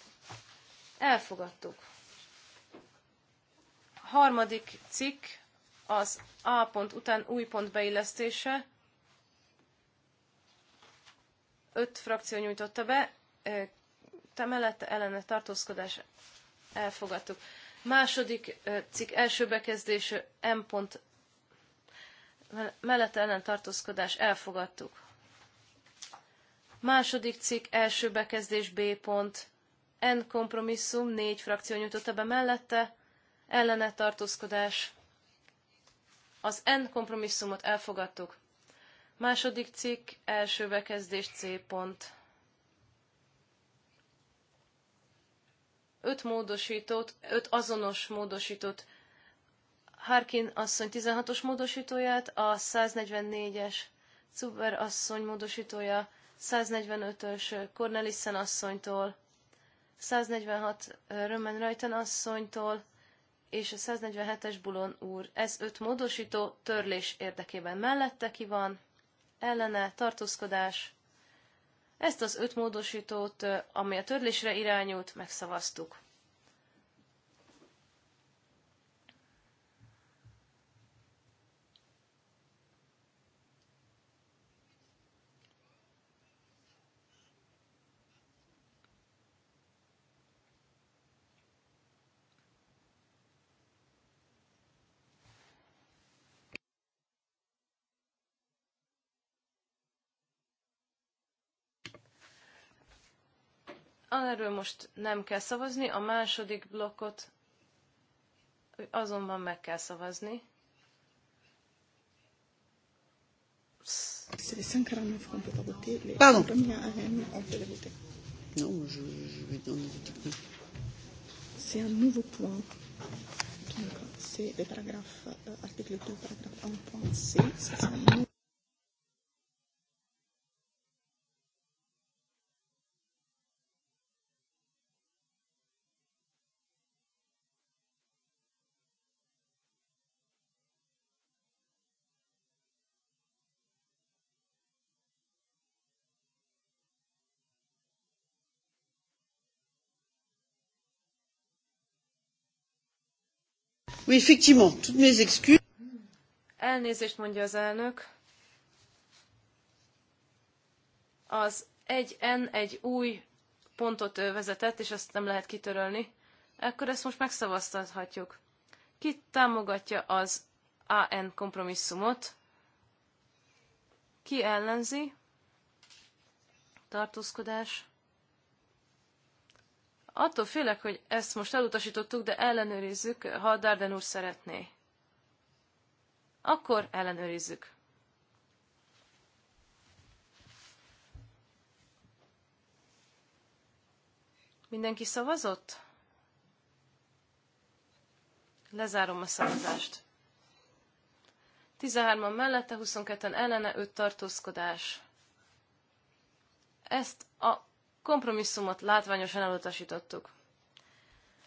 elfogadtuk. Harmadik cikk, az A pont után új pont beillesztése. Öt frakció nyújtotta be, te mellette ellene tartózkodás elfogadtuk. Második cikk első bekezdése M pont mellett ellen tartózkodás elfogadtuk. Második cikk első bekezdés B pont N kompromisszum négy frakció nyújtotta be mellette ellene tartózkodás. Az N kompromisszumot elfogadtuk. Második cikk első bekezdés C pont öt módosítót, öt azonos módosítót, Harkin asszony 16-os módosítóját, a 144-es Cuber asszony módosítója, 145-ös Cornelissen asszonytól, 146 Römen Rajten asszonytól, és a 147-es Bulon úr. Ez öt módosító törlés érdekében mellette ki van, ellene tartózkodás, ezt az öt módosítót, ami a törlésre irányult, megszavaztuk. erről most nem kell szavazni, a második blokkot azonban meg kell szavazni. Pardon. Non, je, je C'est un nouveau point. C'est le paragraphe, euh, article 2, paragraphe 1.c. C'est un nouveau Elnézést mondja az elnök. Az egy n egy új pontot vezetett, és azt nem lehet kitörölni. Ekkor ezt most megszavaztathatjuk. Ki támogatja az AN kompromisszumot? Ki ellenzi? Tartózkodás. Attól félek, hogy ezt most elutasítottuk, de ellenőrizzük, ha Darden úr szeretné. Akkor ellenőrizzük. Mindenki szavazott? Lezárom a szavazást. 13-an mellette, 22-en ellene, 5 tartózkodás. Ezt a kompromisszumot látványosan elutasítottuk.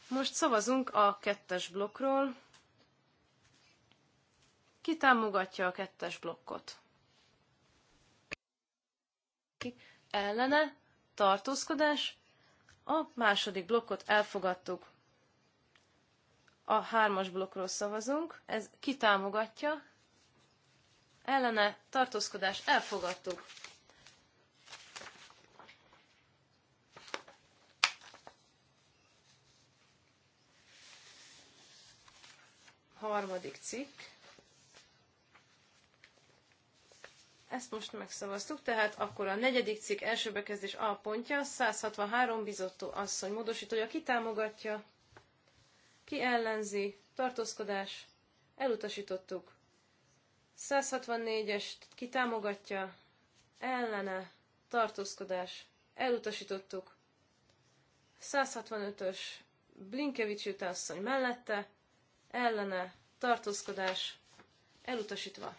Most szavazunk a kettes blokkról. Ki támogatja a kettes blokkot? Ellene, tartózkodás, a második blokkot elfogadtuk. A hármas blokkról szavazunk, ez ki támogatja, ellene, tartózkodás, elfogadtuk. harmadik cikk. Ezt most megszavaztuk, tehát akkor a negyedik cikk első bekezdés A pontja, 163 bizottó asszony módosítója, ki támogatja, ki ellenzi, tartózkodás, elutasítottuk. 164 es ki támogatja, ellene, tartózkodás, elutasítottuk. 165-ös Blinkevics asszony mellette, ellene, tartózkodás elutasítva.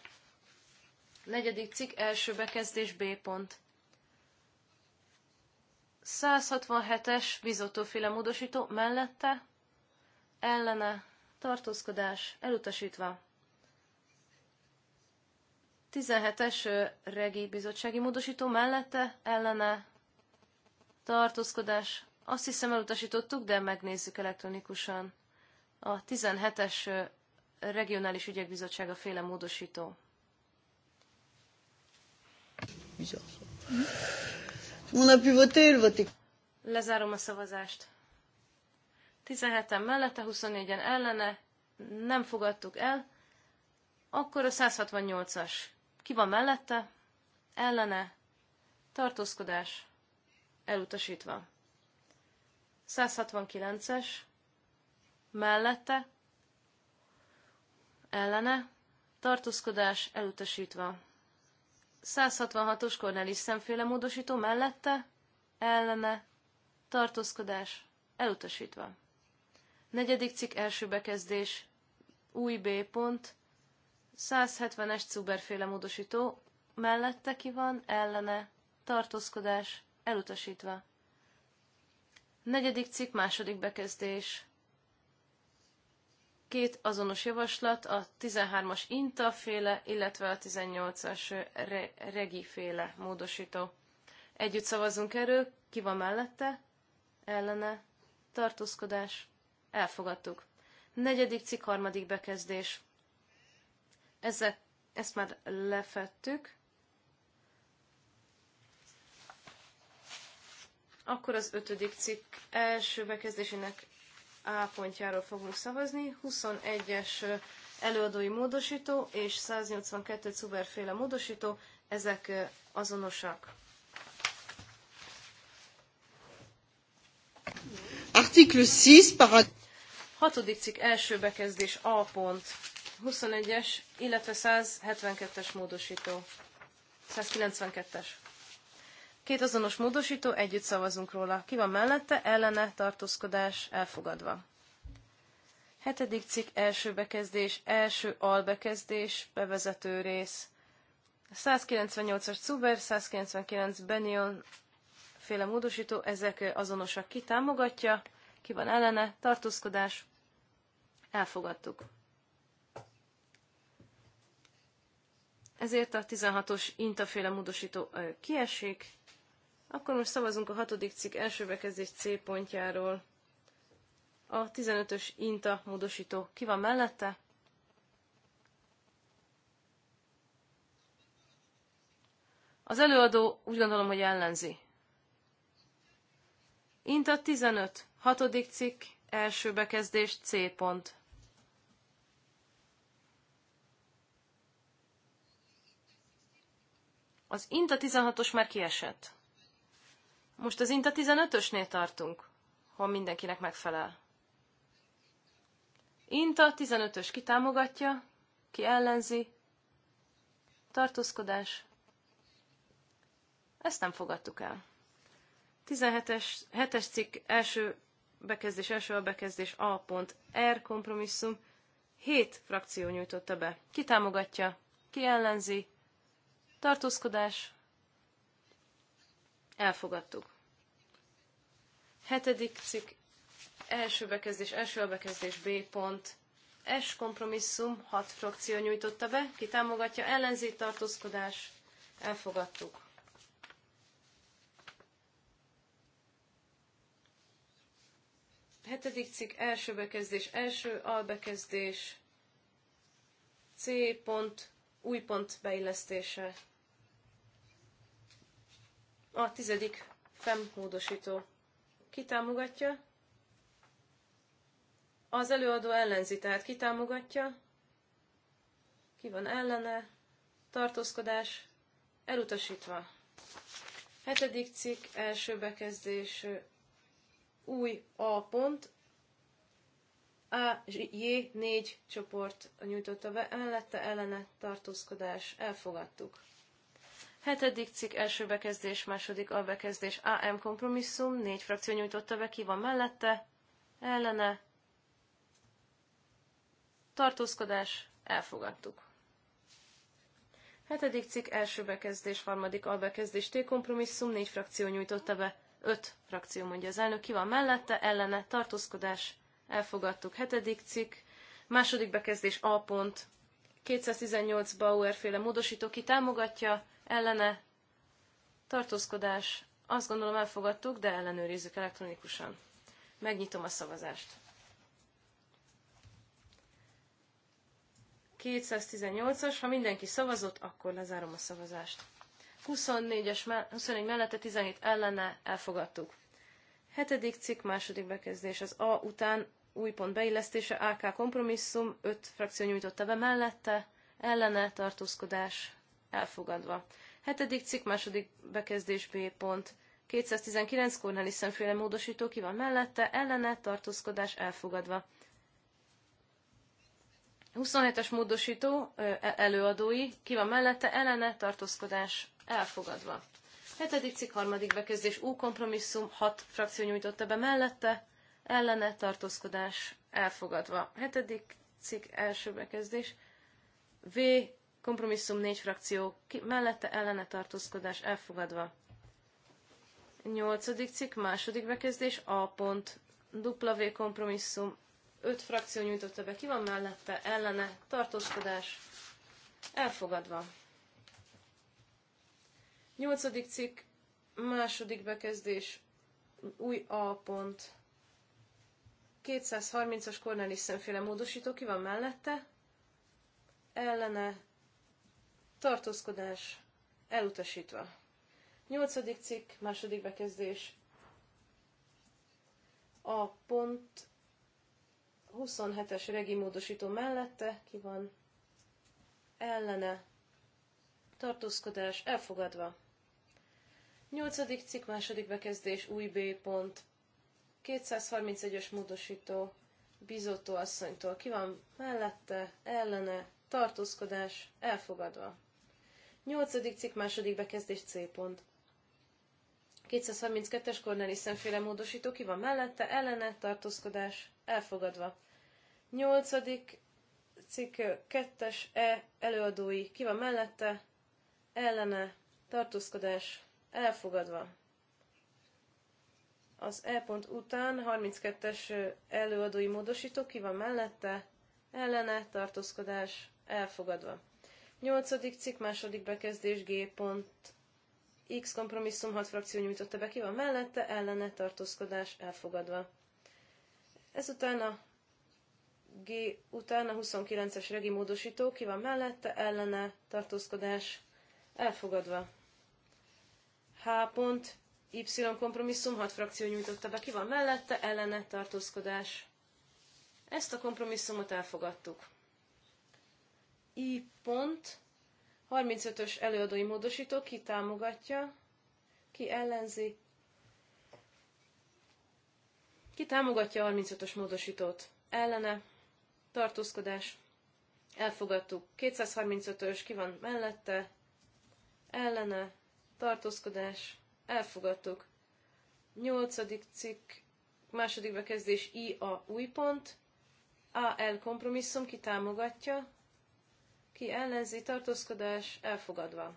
Negyedik cikk első bekezdés B pont. 167-es bizotóféle módosító mellette, ellene, tartózkodás, elutasítva. 17-es regi bizottsági módosító mellette, ellene, tartózkodás, azt hiszem elutasítottuk, de megnézzük elektronikusan. A 17-es Regionális Ügyek Bizottsága féle módosító. Lezárom a szavazást. 17-en mellette, 24-en ellene, nem fogadtuk el. Akkor a 168-as. Ki van mellette? Ellene. Tartózkodás. Elutasítva. 169-es. Mellette ellene, tartózkodás elutasítva. 166-os Cornelis szemféle módosító mellette, ellene, tartózkodás elutasítva. Negyedik cikk első bekezdés, új B pont, 170-es Cuberféle módosító, mellette ki van, ellene, tartózkodás elutasítva. Negyedik cikk második bekezdés, két azonos javaslat, a 13-as INTA féle, illetve a 18-as REGI féle módosító. Együtt szavazzunk erről, ki van mellette, ellene, tartózkodás, elfogadtuk. Negyedik cikk, harmadik bekezdés. Ezzel, ezt már lefettük. Akkor az ötödik cikk első bekezdésének a pontjáról fogunk szavazni. 21-es előadói módosító és 182 cuberféle módosító, ezek azonosak. Article 6, para... Hatodik cikk első bekezdés A pont. 21-es, illetve 172-es módosító. 192-es. Két azonos módosító, együtt szavazunk róla. Ki van mellette, ellene, tartózkodás, elfogadva. Hetedik cikk, első bekezdés, első albekezdés, bevezető rész. 198-as Cuber, 199 Benion féle módosító, ezek azonosak ki támogatja, ki van ellene, tartózkodás, elfogadtuk. Ezért a 16-os intaféle módosító kiesik, akkor most szavazunk a hatodik cikk első bekezdés C pontjáról. A 15-ös INTA módosító. Ki van mellette? Az előadó úgy gondolom, hogy ellenzi. Inta 15. Hatodik cikk, első bekezdés, C pont. Az Inta 16-os már kiesett. Most az Inta 15-ösnél tartunk, hol mindenkinek megfelel. Inta 15-ös ki támogatja, ki ellenzi, tartózkodás. Ezt nem fogadtuk el. 17-es 7-es cikk első bekezdés, első a bekezdés A pont R kompromisszum. Hét frakció nyújtotta be. Ki támogatja, ki ellenzi, tartózkodás, elfogadtuk. Hetedik cikk, első bekezdés, első bekezdés B pont. S kompromisszum, hat frakció nyújtotta be, ki támogatja, ellenzét tartózkodás, elfogadtuk. Hetedik cikk, első bekezdés, első albekezdés, C pont, új pont beillesztése. A tizedik módosító. Ki támogatja? Az előadó ellenzi, tehát ki támogatja? Ki van ellene? Tartózkodás elutasítva. Hetedik cikk, első bekezdés, új A pont, a, J, négy csoport nyújtotta be, ellette ellene tartózkodás, elfogadtuk. Hetedik cikk, első bekezdés, második albekezdés, AM kompromisszum, négy frakció nyújtotta be, ki van mellette, ellene, tartózkodás, elfogadtuk. Hetedik cikk, első bekezdés, harmadik albekezdés, T kompromisszum, négy frakció nyújtotta be, öt frakció mondja az elnök, ki van mellette, ellene, tartózkodás, elfogadtuk. Hetedik cikk, második bekezdés, A pont, 218 Bauer féle módosító, ki támogatja, ellene, tartózkodás, azt gondolom elfogadtuk, de ellenőrizzük elektronikusan. Megnyitom a szavazást. 218-as, ha mindenki szavazott, akkor lezárom a szavazást. 24-es, me 24 mellette 17 ellene elfogadtuk. Hetedik cikk, második bekezdés. Az A után új pont beillesztése, AK kompromisszum, 5 frakció nyújtotta be mellette, ellene tartózkodás elfogadva. Hetedik cikk, második bekezdés B pont. 219 Cornelissen szemféle módosító ki van mellette, ellene tartózkodás elfogadva. 27-es módosító e, előadói ki van mellette, ellene tartózkodás elfogadva. 7. cikk, harmadik bekezdés, U kompromisszum, 6 frakció nyújtotta be mellette, ellene tartózkodás elfogadva. 7. cikk, első bekezdés, V Kompromisszum négy frakció mellette ellene tartózkodás elfogadva. Nyolcadik cikk, második bekezdés, A pont, W kompromisszum, öt frakció nyújtotta be, ki van mellette, ellene, tartózkodás, elfogadva. Nyolcadik cikk, második bekezdés, új A pont, 230-as Cornelissen féle módosító, ki van mellette, ellene, tartózkodás elutasítva. Nyolcadik cikk, második bekezdés. A pont 27-es regimódosító mellette ki van ellene tartózkodás elfogadva. Nyolcadik cikk, második bekezdés, új B pont. 231-ös módosító bizottó asszonytól ki van mellette, ellene, tartózkodás elfogadva. Nyolcadik cikk második bekezdés C pont. 232-es cornelissen szemféle módosító ki van mellette, ellene, tartózkodás, elfogadva. Nyolcadik cikk kettes, E előadói ki van mellette, ellene, tartózkodás, elfogadva. Az E pont után 32-es előadói módosító ki van mellette, ellene, tartózkodás, elfogadva. Nyolcadik cikk, második bekezdés, G pont, X kompromisszum hat frakció nyújtotta be, ki van mellette, ellene tartózkodás elfogadva. Ezután a G után a 29-es regi módosító, ki van mellette, ellene tartózkodás elfogadva. H pont, Y kompromisszum hat frakció nyújtotta be, ki van mellette, ellene tartózkodás. Ezt a kompromisszumot elfogadtuk. I pont, 35-ös előadói módosító, ki támogatja, ki ellenzi, ki támogatja a 35-ös módosítót, ellene, tartózkodás, elfogadtuk, 235-ös, ki van mellette, ellene, tartózkodás, elfogadtuk, 8. cikk, második bekezdés, I a új pont, AL kompromisszum, ki támogatja, ki ellenzi, tartózkodás elfogadva.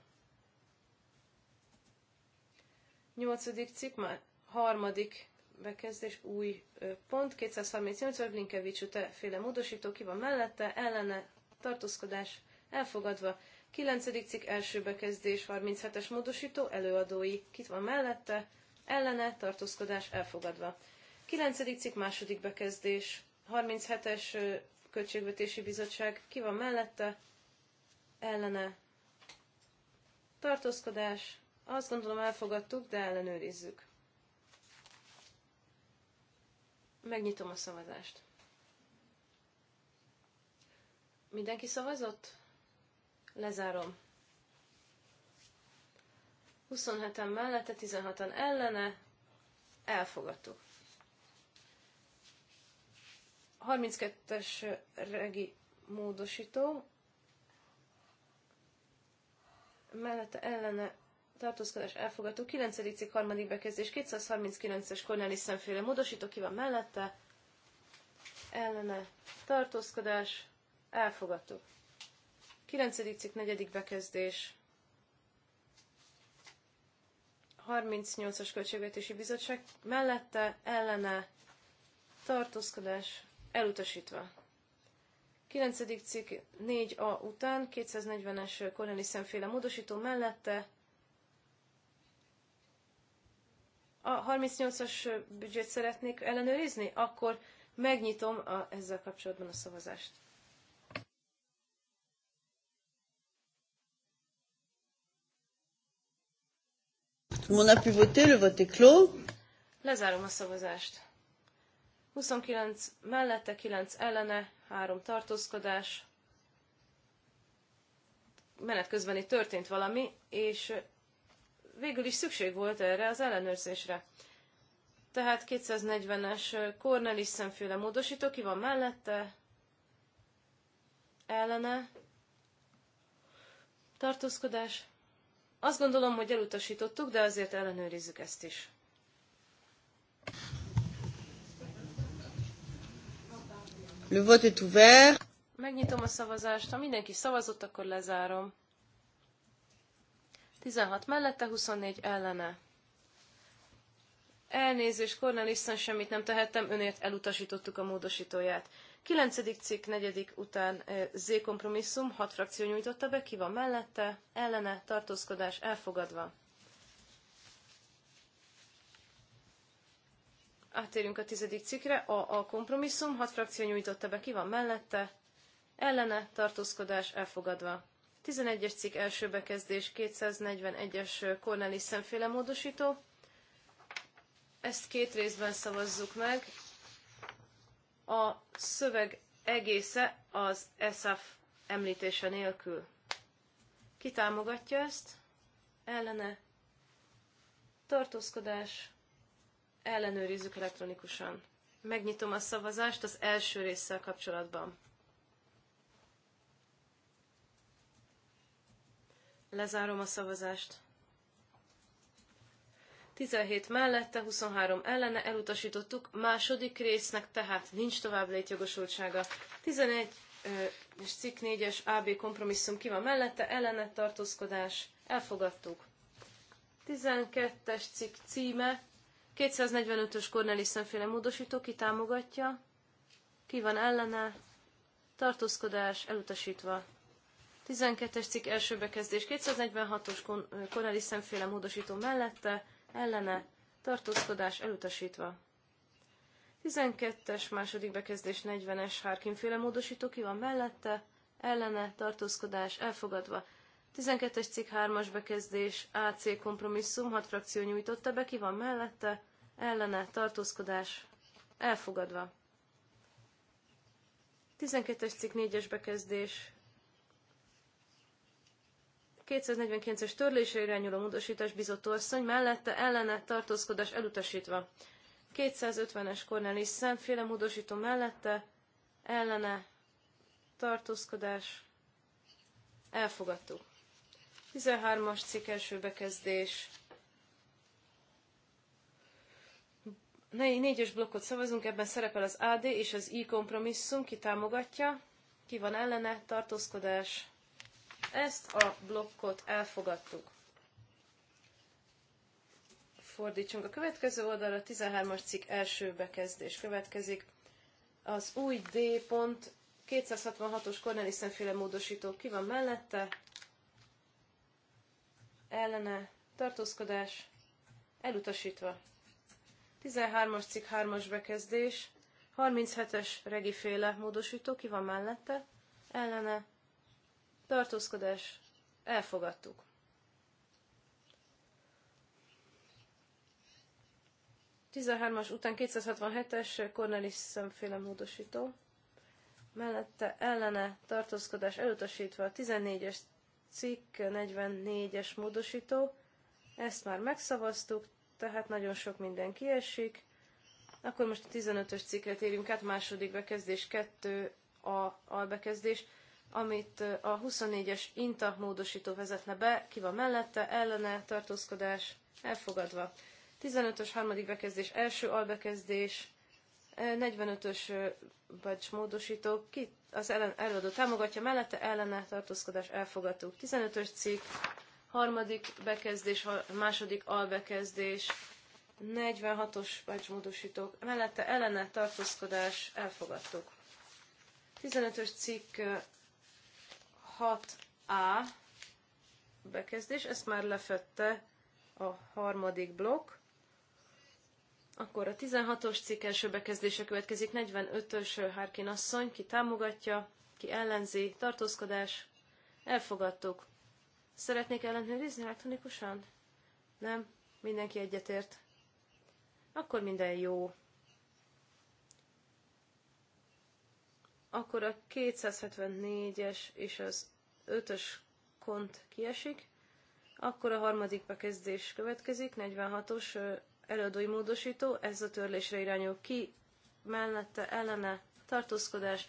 Nyolcadik cikk, már harmadik bekezdés, új pont, 238 Blinkevics féle módosító, ki van mellette, ellene, tartózkodás elfogadva. 9. cikk első bekezdés, 37-es módosító, előadói, kit van mellette, ellene, tartózkodás elfogadva. 9. cikk második bekezdés, 37-es Költségvetési Bizottság, ki van mellette, ellene tartózkodás, azt gondolom elfogadtuk, de ellenőrizzük. Megnyitom a szavazást. Mindenki szavazott? Lezárom. 27-en mellette, 16-an ellene, elfogadtuk. 32-es regi módosító, mellette ellene tartózkodás elfogadó, 9. cikk harmadik bekezdés, 239-es Cornelis szemféle módosító, ki van mellette, ellene tartózkodás elfogadó. 9. cikk negyedik bekezdés, 38-as Költségvetési Bizottság mellette, ellene tartózkodás elutasítva. 9. cikk 4a után 240-es Cornelissen szemféle módosító mellette a 38-as büdzsét szeretnék ellenőrizni, akkor megnyitom a, ezzel kapcsolatban a szavazást. Mon a pu voter, le vote est clos. Lezárom a szavazást. 29 mellette, 9 ellene, három tartózkodás. Menet közben itt történt valami, és végül is szükség volt erre az ellenőrzésre. Tehát 240-es Cornelissen szemféle módosító, ki van mellette, ellene, tartózkodás. Azt gondolom, hogy elutasítottuk, de azért ellenőrizzük ezt is. Le vote est ouvert. Megnyitom a szavazást. Ha mindenki szavazott, akkor lezárom. 16 mellette, 24 ellene. Elnézést, Cornelissen, semmit nem tehettem, önért elutasítottuk a módosítóját. 9. cikk, 4. után Z kompromisszum, 6 frakció nyújtotta be, ki van mellette, ellene, tartózkodás, elfogadva. Áttérünk a tizedik cikkre, A, a kompromisszum, hat frakció nyújtotta be, ki van mellette, ellene, tartózkodás elfogadva. 11-es cikk első bekezdés, 241-es Cornelissen féle módosító. Ezt két részben szavazzuk meg. A szöveg egésze az ESAF említése nélkül. Ki támogatja ezt? Ellene? Tartózkodás? Ellenőrizzük elektronikusan. Megnyitom a szavazást az első résszel kapcsolatban. Lezárom a szavazást. 17 mellette, 23 ellene elutasítottuk, második résznek tehát nincs tovább létjogosultsága. 11 és cikk 4-es AB kompromisszum ki van mellette, ellene tartózkodás, elfogadtuk. 12-es cikk címe, 245-ös Cornelissen féle módosító, ki támogatja, ki van ellene, tartózkodás elutasítva. 12-es cikk első bekezdés 246-os Cornelissen féle módosító mellette, ellene, tartózkodás elutasítva. 12-es második bekezdés 40-es Harkin féle módosító, ki van mellette, ellene, tartózkodás elfogadva. 12-es cikk 3-as bekezdés AC kompromisszum, 6 frakció nyújtotta be, ki van mellette, ellene, tartózkodás, elfogadva. 12-es cikk 4-es bekezdés, 249-es törlésre irányuló módosítás bizott orszony, mellette ellene tartózkodás elutasítva. 250-es Cornelis szemféle módosító mellette ellene tartózkodás elfogadtuk. 13-as cikk első bekezdés. Négyes blokkot szavazunk, ebben szerepel az AD és az I kompromisszum, ki támogatja, ki van ellene, tartózkodás. Ezt a blokkot elfogadtuk. Fordítsunk a következő oldalra, 13-as cikk első bekezdés következik. Az új D pont 266-os Cornelissen féle módosító ki van mellette, ellene, tartózkodás, elutasítva. 13-as cikk 3-as bekezdés, 37-es regiféle módosító, ki van mellette, ellene, tartózkodás, elfogadtuk. Tizenhármas után 267-es Cornelis szemféle módosító mellette ellene tartózkodás elutasítva a 14-es cikk 44-es módosító, ezt már megszavaztuk, tehát nagyon sok minden kiesik. Akkor most a 15-ös cikkre térjünk át, második bekezdés 2 a albekezdés, amit a 24-es INTA módosító vezetne be, ki van mellette, ellene, tartózkodás, elfogadva. 15-ös harmadik bekezdés, első albekezdés, 45-ös vagy módosító, ki az ellen, előadó támogatja, mellette ellene tartózkodás elfogadtuk. 15-ös cikk, harmadik bekezdés, második albekezdés, 46-os bácsmódosítók, mellette ellene tartózkodás elfogadtuk. 15-ös cikk 6A bekezdés, ezt már lefette a harmadik blokk, akkor a 16-os cikk első bekezdése következik, 45-ös Harkin asszony, ki támogatja, ki ellenzi, tartózkodás, elfogadtuk. Szeretnék ellenőrizni elektronikusan? Nem? Mindenki egyetért? Akkor minden jó. Akkor a 274-es és az 5-ös kont kiesik. Akkor a harmadik bekezdés következik, 46-os előadói módosító, ez a törlésre irányul ki, mellette, ellene, tartózkodás,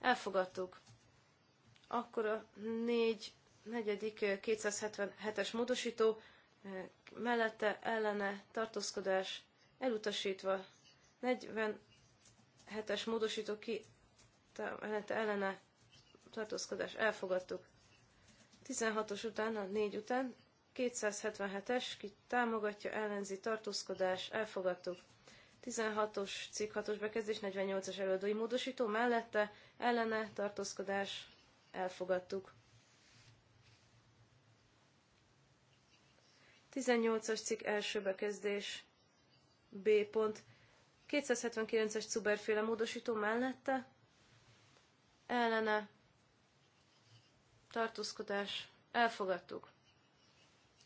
elfogadtuk. Akkor a 4, negyedik 277-es eh, módosító, eh, mellette, ellene, tartózkodás, elutasítva. 47-es módosító ki, mellette, ellene, tartózkodás, elfogadtuk. 16-os után, a 4 után, 277-es, ki támogatja, ellenzi, tartózkodás, elfogadtuk. 16-os cikk 6-os bekezdés, 48-as előadói módosító, mellette, ellene, tartózkodás, elfogadtuk. 18-as cikk első bekezdés, B pont, 279-es Cuberféle módosító mellette, ellene, tartózkodás, elfogadtuk.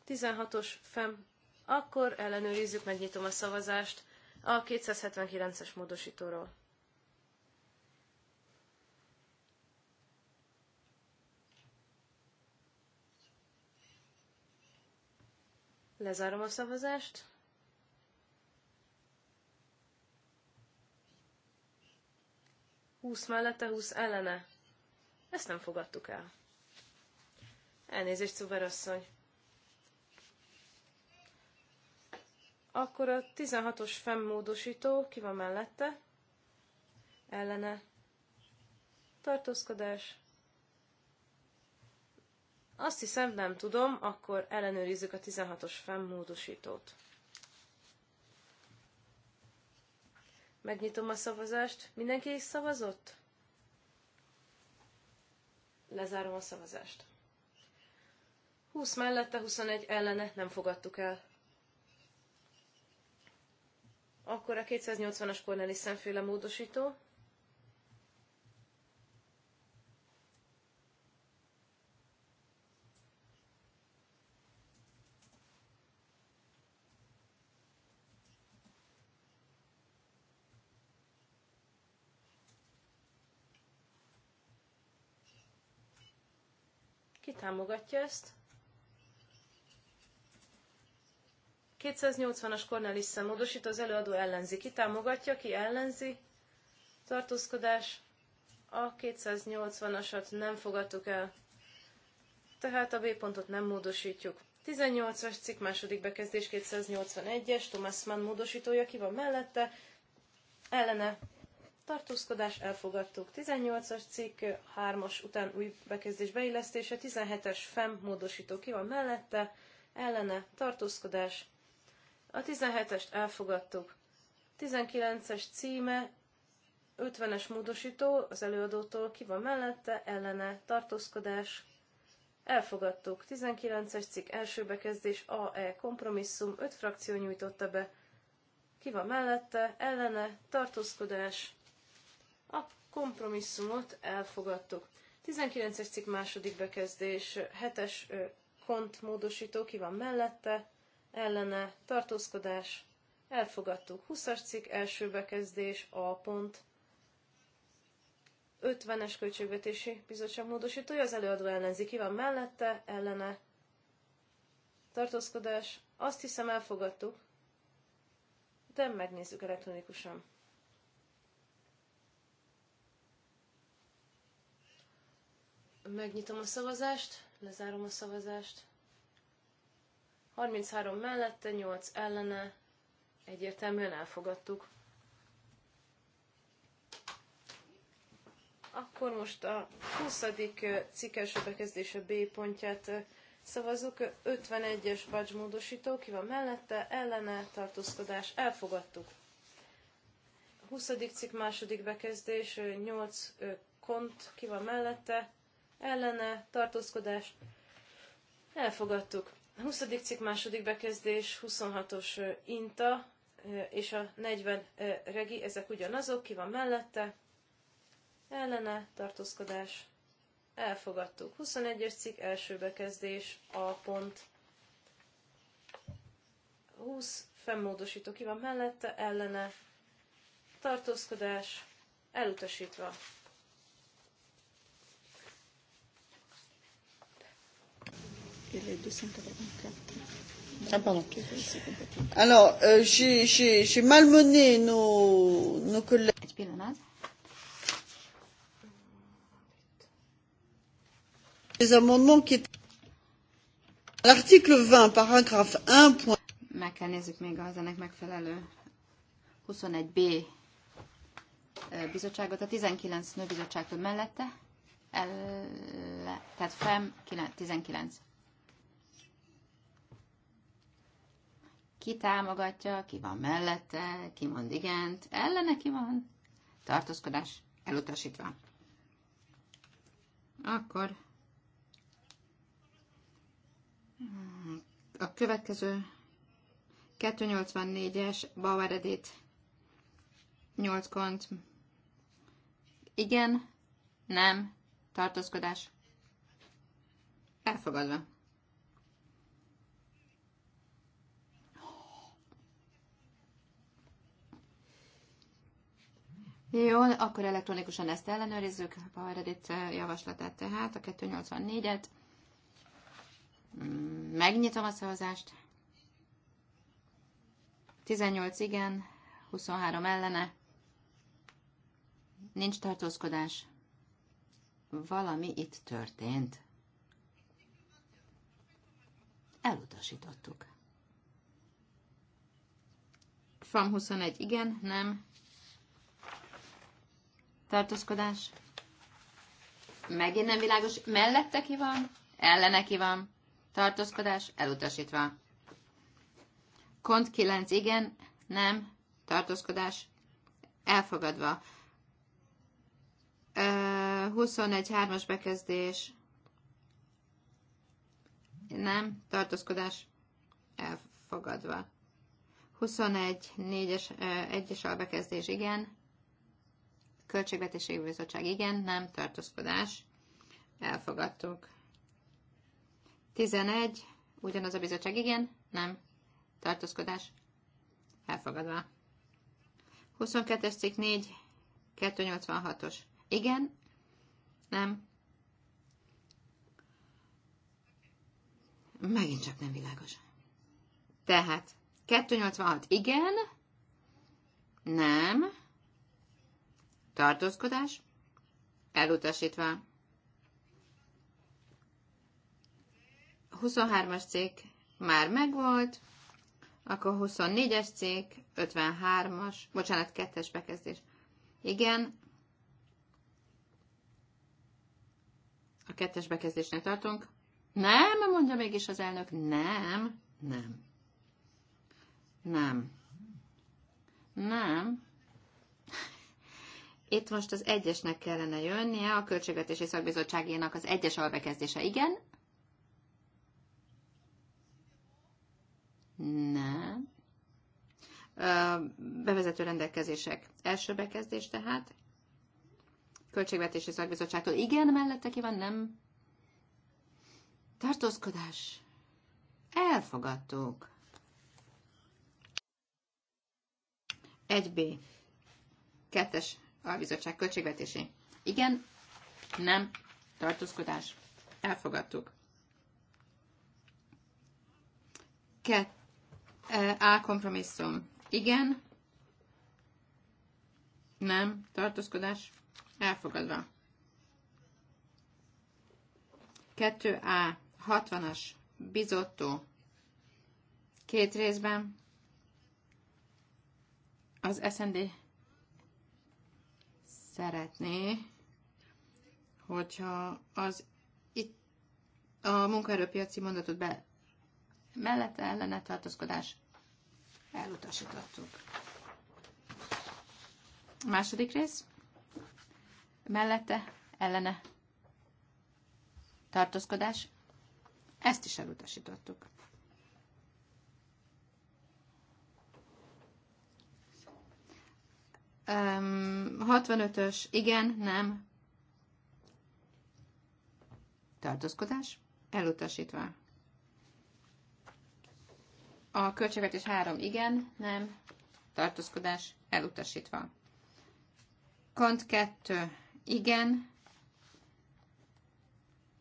16-os fem. Akkor ellenőrizzük, megnyitom a szavazást a 279-es módosítóról. Lezárom a szavazást. Húsz mellette, húsz ellene. Ezt nem fogadtuk el. Elnézést, Cuber asszony. Akkor a 16-os fennmódosító, ki van mellette? Ellene. Tartózkodás. Azt hiszem, nem tudom, akkor ellenőrizzük a 16-os fennmódosítót. Megnyitom a szavazást. Mindenki is szavazott? Lezárom a szavazást. 20 mellette, 21 ellene nem fogadtuk el. Akkor a 280-as Cornelissen szemféle módosító. Ki támogatja ezt? 280-as Cornelissen módosító, az előadó ellenzi. Ki támogatja, ki ellenzi? Tartózkodás. A 280-asat nem fogadtuk el. Tehát a B pontot nem módosítjuk. 18-as cikk második bekezdés 281-es, Thomas Mann módosítója, ki van mellette, ellene tartózkodás, elfogadtuk. 18-as cikk, 3-as után új bekezdés beillesztése, 17-es FEM módosító, ki van mellette, ellene tartózkodás, a 17-est elfogadtuk. 19-es címe, 50-es módosító az előadótól ki van mellette, ellene, tartózkodás. Elfogadtuk. 19-es cikk első bekezdés AE kompromisszum, 5 frakció nyújtotta be. Ki van mellette, ellene, tartózkodás. A kompromisszumot elfogadtuk. 19-es cikk második bekezdés, 7-es kont módosító ki van mellette, ellene, tartózkodás, elfogadtuk. 20-as cikk, első bekezdés, A pont. 50-es költségvetési bizottság módosítója, az előadó ellenzi. Ki van mellette, ellene, tartózkodás, azt hiszem elfogadtuk, de megnézzük elektronikusan. Megnyitom a szavazást, lezárom a szavazást. 33 mellette, 8 ellene, egyértelműen elfogadtuk. Akkor most a 20. cikk első bekezdése B pontját szavazzuk. 51-es badge módosító, ki van mellette, ellene, tartózkodás, elfogadtuk. 20. cikk második bekezdés, 8 kont, ki van mellette, ellene, tartózkodás, elfogadtuk. 20. cikk második bekezdés, 26-os INTA és a 40 regi, ezek ugyanazok, ki van mellette, ellene, tartózkodás, elfogadtuk. 21-es cikk, első bekezdés, A pont. 20 fennmódosító ki van mellette, ellene, tartózkodás, elutasítva. Ah pardon. Alors, euh, j'ai malmené nos, nos collègues. Egy pillanat. Les amendements qui étaient... L'article 20, paragraphe 1. Point... Meg kell nézzük még az ennek megfelelő 21b bizottságot, a 19 nőbizottságtól mellette, el, tehát FEM 19. ki támogatja, ki van mellette, ki mond igent, ellene ki van, tartózkodás elutasítva. Akkor a következő 284-es Bauer Edit 8 kont. Igen, nem, tartózkodás. Elfogadva. Jó, akkor elektronikusan ezt ellenőrizzük, a Reddit javaslatát tehát, a 284-et. Mm, megnyitom a szavazást. 18 igen, 23 ellene. Nincs tartózkodás. Valami itt történt. Elutasítottuk. FAM 21 igen, nem, tartózkodás. Megint nem világos. Mellette ki van, ellene ki van, tartózkodás, elutasítva. Kont 9, igen, nem, tartózkodás, elfogadva. 21-3-as bekezdés, nem, tartózkodás, elfogadva. 21, 4-es, 1-es albekezdés, igen, Költségvetési Bizottság igen, nem, tartózkodás. Elfogadtuk. 11. Ugyanaz a bizottság igen, nem, tartózkodás. Elfogadva. 22 cikk 4, 286-os. Igen, nem. Megint csak nem világos. Tehát 286 igen, nem, tartózkodás, elutasítva. 23-as cég már megvolt, akkor 24-es cég, 53-as, bocsánat, kettes bekezdés. Igen, a kettes bekezdésnél tartunk. Nem, mondja mégis az elnök, nem, nem. Nem. Nem. Itt most az egyesnek kellene jönnie, a Költségvetési Szakbizottságénak az egyes albekezdése. Igen? Nem. Bevezető rendelkezések. Első bekezdés tehát. Költségvetési Szakbizottságtól. Igen, mellette ki van, nem? Tartózkodás. Elfogadtuk. 1B. 2-es a bizottság költségvetésé. Igen, nem, tartózkodás, elfogadtuk. Kett, eh, A kompromisszum. Igen, nem, tartózkodás, elfogadva. 2A, 60-as, bizottó. Két részben. Az SND szeretné, hogyha az itt a munkaerőpiaci mondatot be mellette ellene tartózkodás elutasítottuk. A második rész. Mellette ellene tartózkodás. Ezt is elutasítottuk. 65-ös, igen, nem. Tartózkodás, elutasítva. A költségvetés 3, igen, nem. Tartózkodás, elutasítva. Kant 2, igen,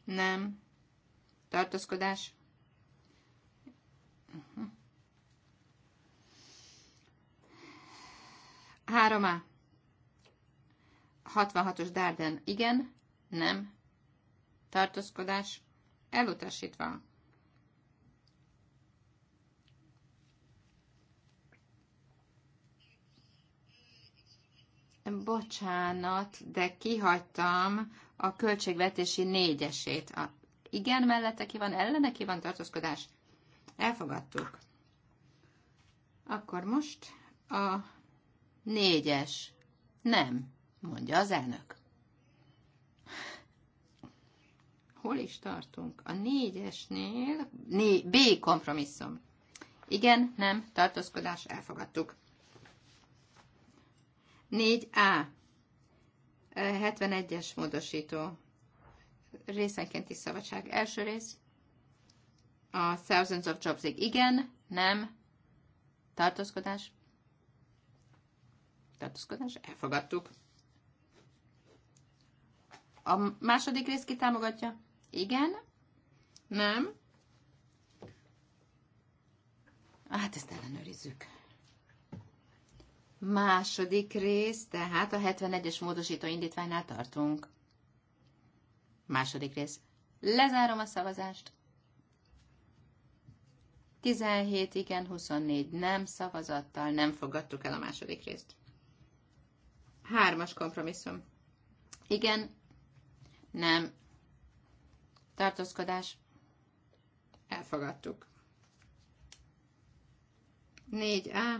nem. Tartózkodás. Uh-huh. 3A. 66-os Darden. Igen. Nem. Tartózkodás. Elutasítva. Bocsánat, de kihagytam a költségvetési négyesét. A igen mellette ki van, ellene ki van tartózkodás. Elfogadtuk. Akkor most a Négyes. Nem, mondja az elnök. Hol is tartunk? A négyesnél, né, B kompromisszum. Igen, nem, tartózkodás, elfogadtuk. 4A. 71-es módosító. Részenkénti szabadság. Első rész. A Thousands of Jobs. Igen, nem, tartózkodás, tartózkodás, elfogadtuk. A második rész kitámogatja? Igen. Nem. Hát ezt ellenőrizzük. Második rész, tehát a 71-es módosító indítványnál tartunk. Második rész. Lezárom a szavazást. 17 igen, 24 nem szavazattal nem fogadtuk el a második részt. Hármas kompromisszum. Igen, nem, tartózkodás, elfogadtuk. 4A,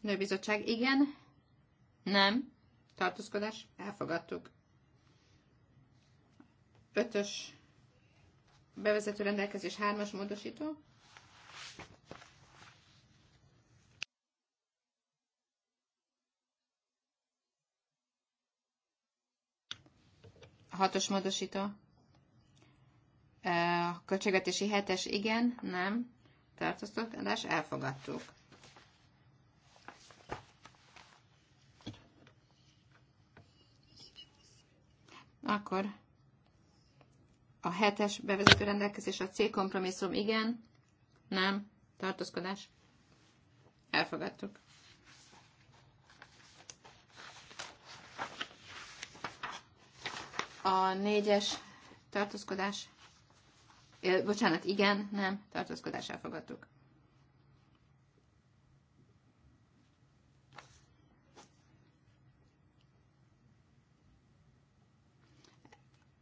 nőbizottság, igen, nem, tartózkodás, elfogadtuk. 5-ös bevezető rendelkezés 3-as módosító, hatos módosító. A költségvetési hetes igen, nem. Tartóztatás elfogadtuk. Akkor a hetes bevezető rendelkezés a C kompromisszum igen, nem, tartózkodás. Elfogadtuk. A négyes tartózkodás, bocsánat, igen, nem, tartózkodás elfogadtuk.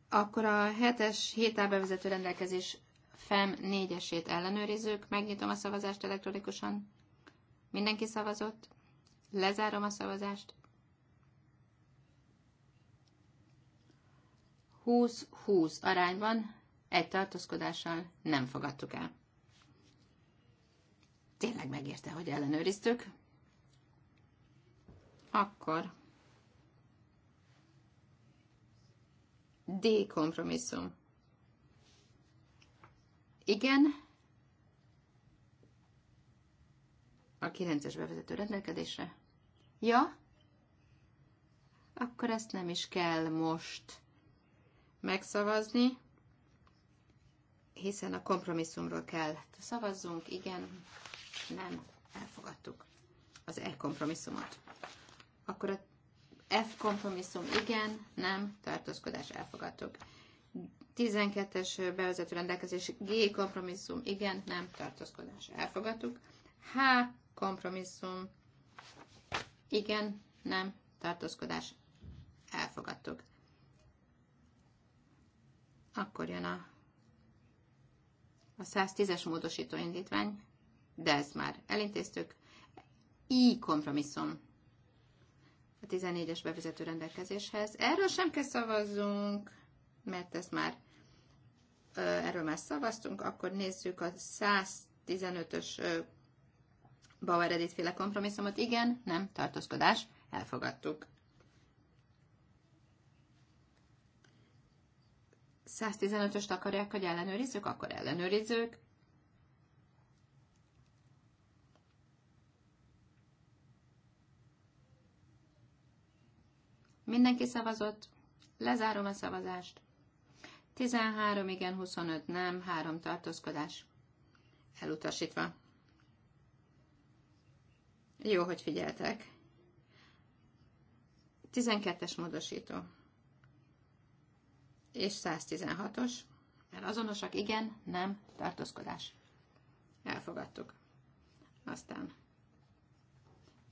Akkor a hetes es hétábevezető rendelkezés FEM négyesét ellenőrizzük. Megnyitom a szavazást elektronikusan. Mindenki szavazott. Lezárom a szavazást. 20-20 arányban egy tartózkodással nem fogadtuk el. Tényleg megérte, hogy ellenőriztük. Akkor D kompromisszum. Igen, a 9-es bevezető rendelkedésre. Ja, akkor ezt nem is kell most megszavazni, hiszen a kompromisszumról kell szavazzunk, igen, nem, elfogadtuk az E kompromisszumot. Akkor a F kompromisszum igen, nem, tartózkodás elfogadtuk. 12-es bevezető rendelkezés G kompromisszum igen, nem, tartózkodás elfogadtuk. H kompromisszum igen, nem, tartózkodás elfogadtuk. Akkor jön a, a 110-es módosító indítvány, de ezt már elintéztük. Így kompromisszum a 14-es bevezető rendelkezéshez. Erről sem kell szavazzunk, mert ezt már erről már szavaztunk, akkor nézzük a 115-ös Bauer Edith féle kompromisszumot. Igen, nem, tartózkodás, elfogadtuk. 115-öst akarják, hogy ellenőrizzük, akkor ellenőrizzük. Mindenki szavazott. Lezárom a szavazást. 13 igen, 25 nem, 3 tartózkodás. Elutasítva. Jó, hogy figyeltek. 12-es módosító és 116-os, mert azonosak igen, nem, tartózkodás. Elfogadtuk. Aztán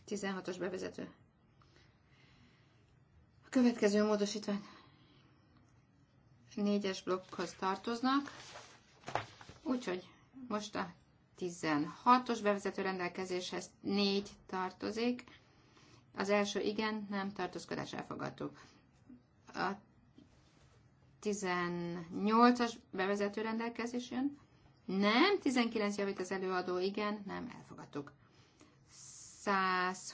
16-os bevezető. A következő módosítvány négyes blokkhoz tartoznak, úgyhogy most a 16-os bevezető rendelkezéshez 4 tartozik. Az első igen, nem tartózkodás elfogadtuk. A 18-as bevezető rendelkezés jön. Nem, 19 javít az előadó, igen, nem, elfogadtuk. 120-as,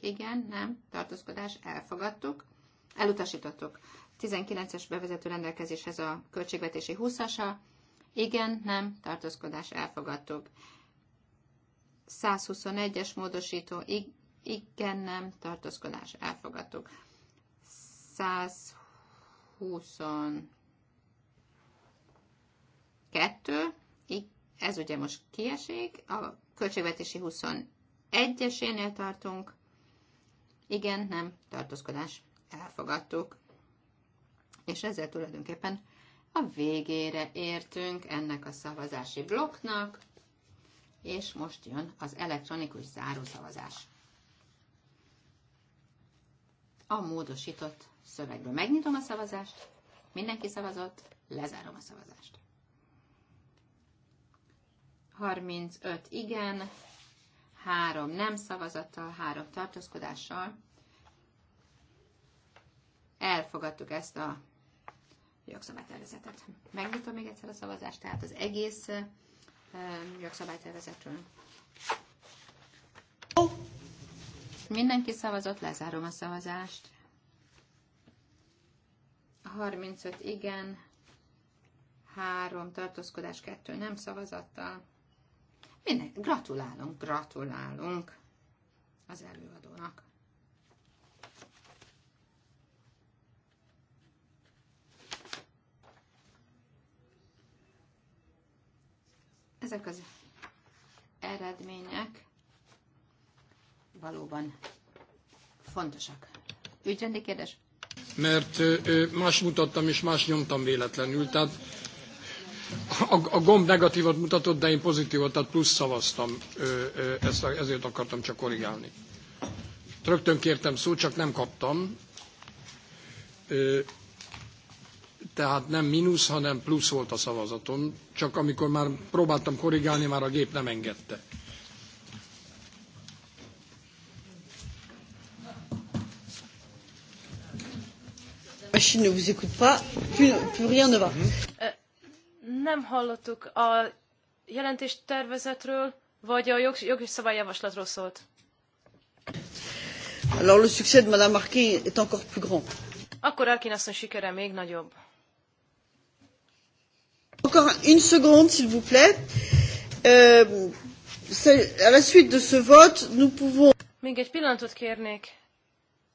igen, nem, tartózkodás, elfogadtuk, elutasítottuk. 19-es bevezető rendelkezéshez a költségvetési 20-asa, igen, nem, tartózkodás, elfogadtuk. 121-es módosító, igen, nem, tartózkodás, elfogadtuk. 122, ez ugye most kiesik, a költségvetési 21-esénél tartunk, igen, nem, tartózkodás, elfogadtuk. És ezzel tulajdonképpen a végére értünk ennek a szavazási blokknak, és most jön az elektronikus zárószavazás a módosított szövegről. Megnyitom a szavazást, mindenki szavazott, lezárom a szavazást. 35 igen, 3 nem szavazattal, 3 tartózkodással. Elfogadtuk ezt a jogszabálytervezetet. Megnyitom még egyszer a szavazást, tehát az egész jogszabálytervezetről. Mindenki szavazott, lezárom a szavazást. 35 igen, 3 tartózkodás, 2 nem szavazattal. Minden, gratulálunk, gratulálunk az előadónak. Ezek az eredmények valóban fontosak. Ügyrendi kérdés? Mert más mutattam és más nyomtam véletlenül, tehát a, a gomb negatívat mutatott, de én pozitívat, tehát plusz szavaztam, ezt, ezért akartam csak korrigálni. Rögtön kértem szót, csak nem kaptam. Tehát nem mínusz, hanem plusz volt a szavazatom, csak amikor már próbáltam korrigálni, már a gép nem engedte. machine ne vous écoute pas, plus, plus rien ne va. Mhm. Nem hallottuk a jelentés tervezetről, vagy a jog, jogszabályjavaslatról szólt. Alors le succès de Madame Marquis est encore plus grand. Akkor Arkin asszony sikere még nagyobb. Encore une seconde, s'il vous plaît. Euh, à la suite de ce vote, nous pouvons... Még egy pillanatot kérnék.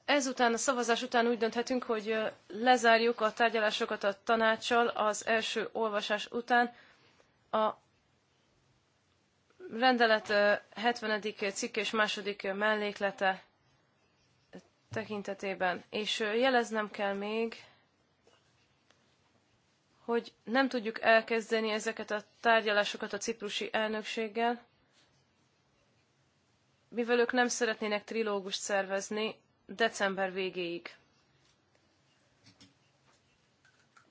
Ezután a szavazás után úgy dönthetünk, hogy lezárjuk a tárgyalásokat a tanácssal az első olvasás után. A rendelet 70. cikk és második melléklete tekintetében. És jeleznem kell még, hogy nem tudjuk elkezdeni ezeket a tárgyalásokat a ciprusi elnökséggel, mivel ők nem szeretnének trilógust szervezni, december végéig.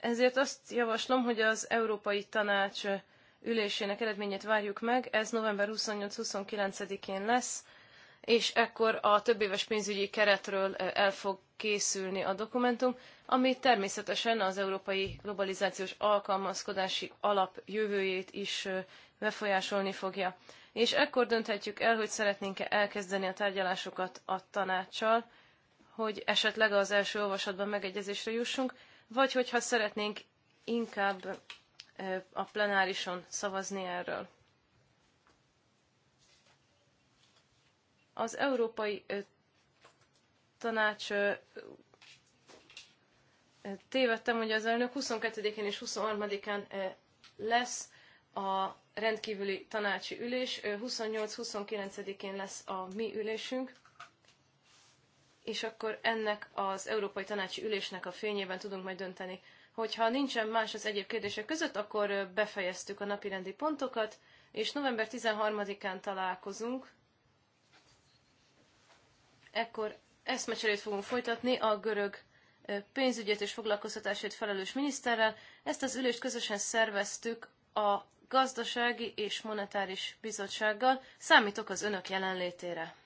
Ezért azt javaslom, hogy az Európai Tanács ülésének eredményét várjuk meg, ez november 28-29-én lesz, és ekkor a többéves pénzügyi keretről eh, el fog készülni a dokumentum, ami természetesen az európai globalizációs alkalmazkodási alap jövőjét is eh, befolyásolni fogja. És ekkor dönthetjük el, hogy szeretnénk-e elkezdeni a tárgyalásokat a tanácssal, hogy esetleg az első olvasatban megegyezésre jussunk, vagy hogyha szeretnénk inkább a plenárison szavazni erről. Az Európai Tanács tévedtem, hogy az elnök 22-én és 23-án lesz a rendkívüli tanácsi ülés, 28-29-én lesz a mi ülésünk, és akkor ennek az Európai Tanácsi Ülésnek a fényében tudunk majd dönteni. Hogyha nincsen más az egyéb kérdések között, akkor befejeztük a napirendi pontokat, és november 13-án találkozunk. Ekkor eszmecserét fogunk folytatni a görög pénzügyet és foglalkoztatásért felelős miniszterrel. Ezt az ülést közösen szerveztük a Gazdasági és Monetáris Bizottsággal. Számítok az önök jelenlétére.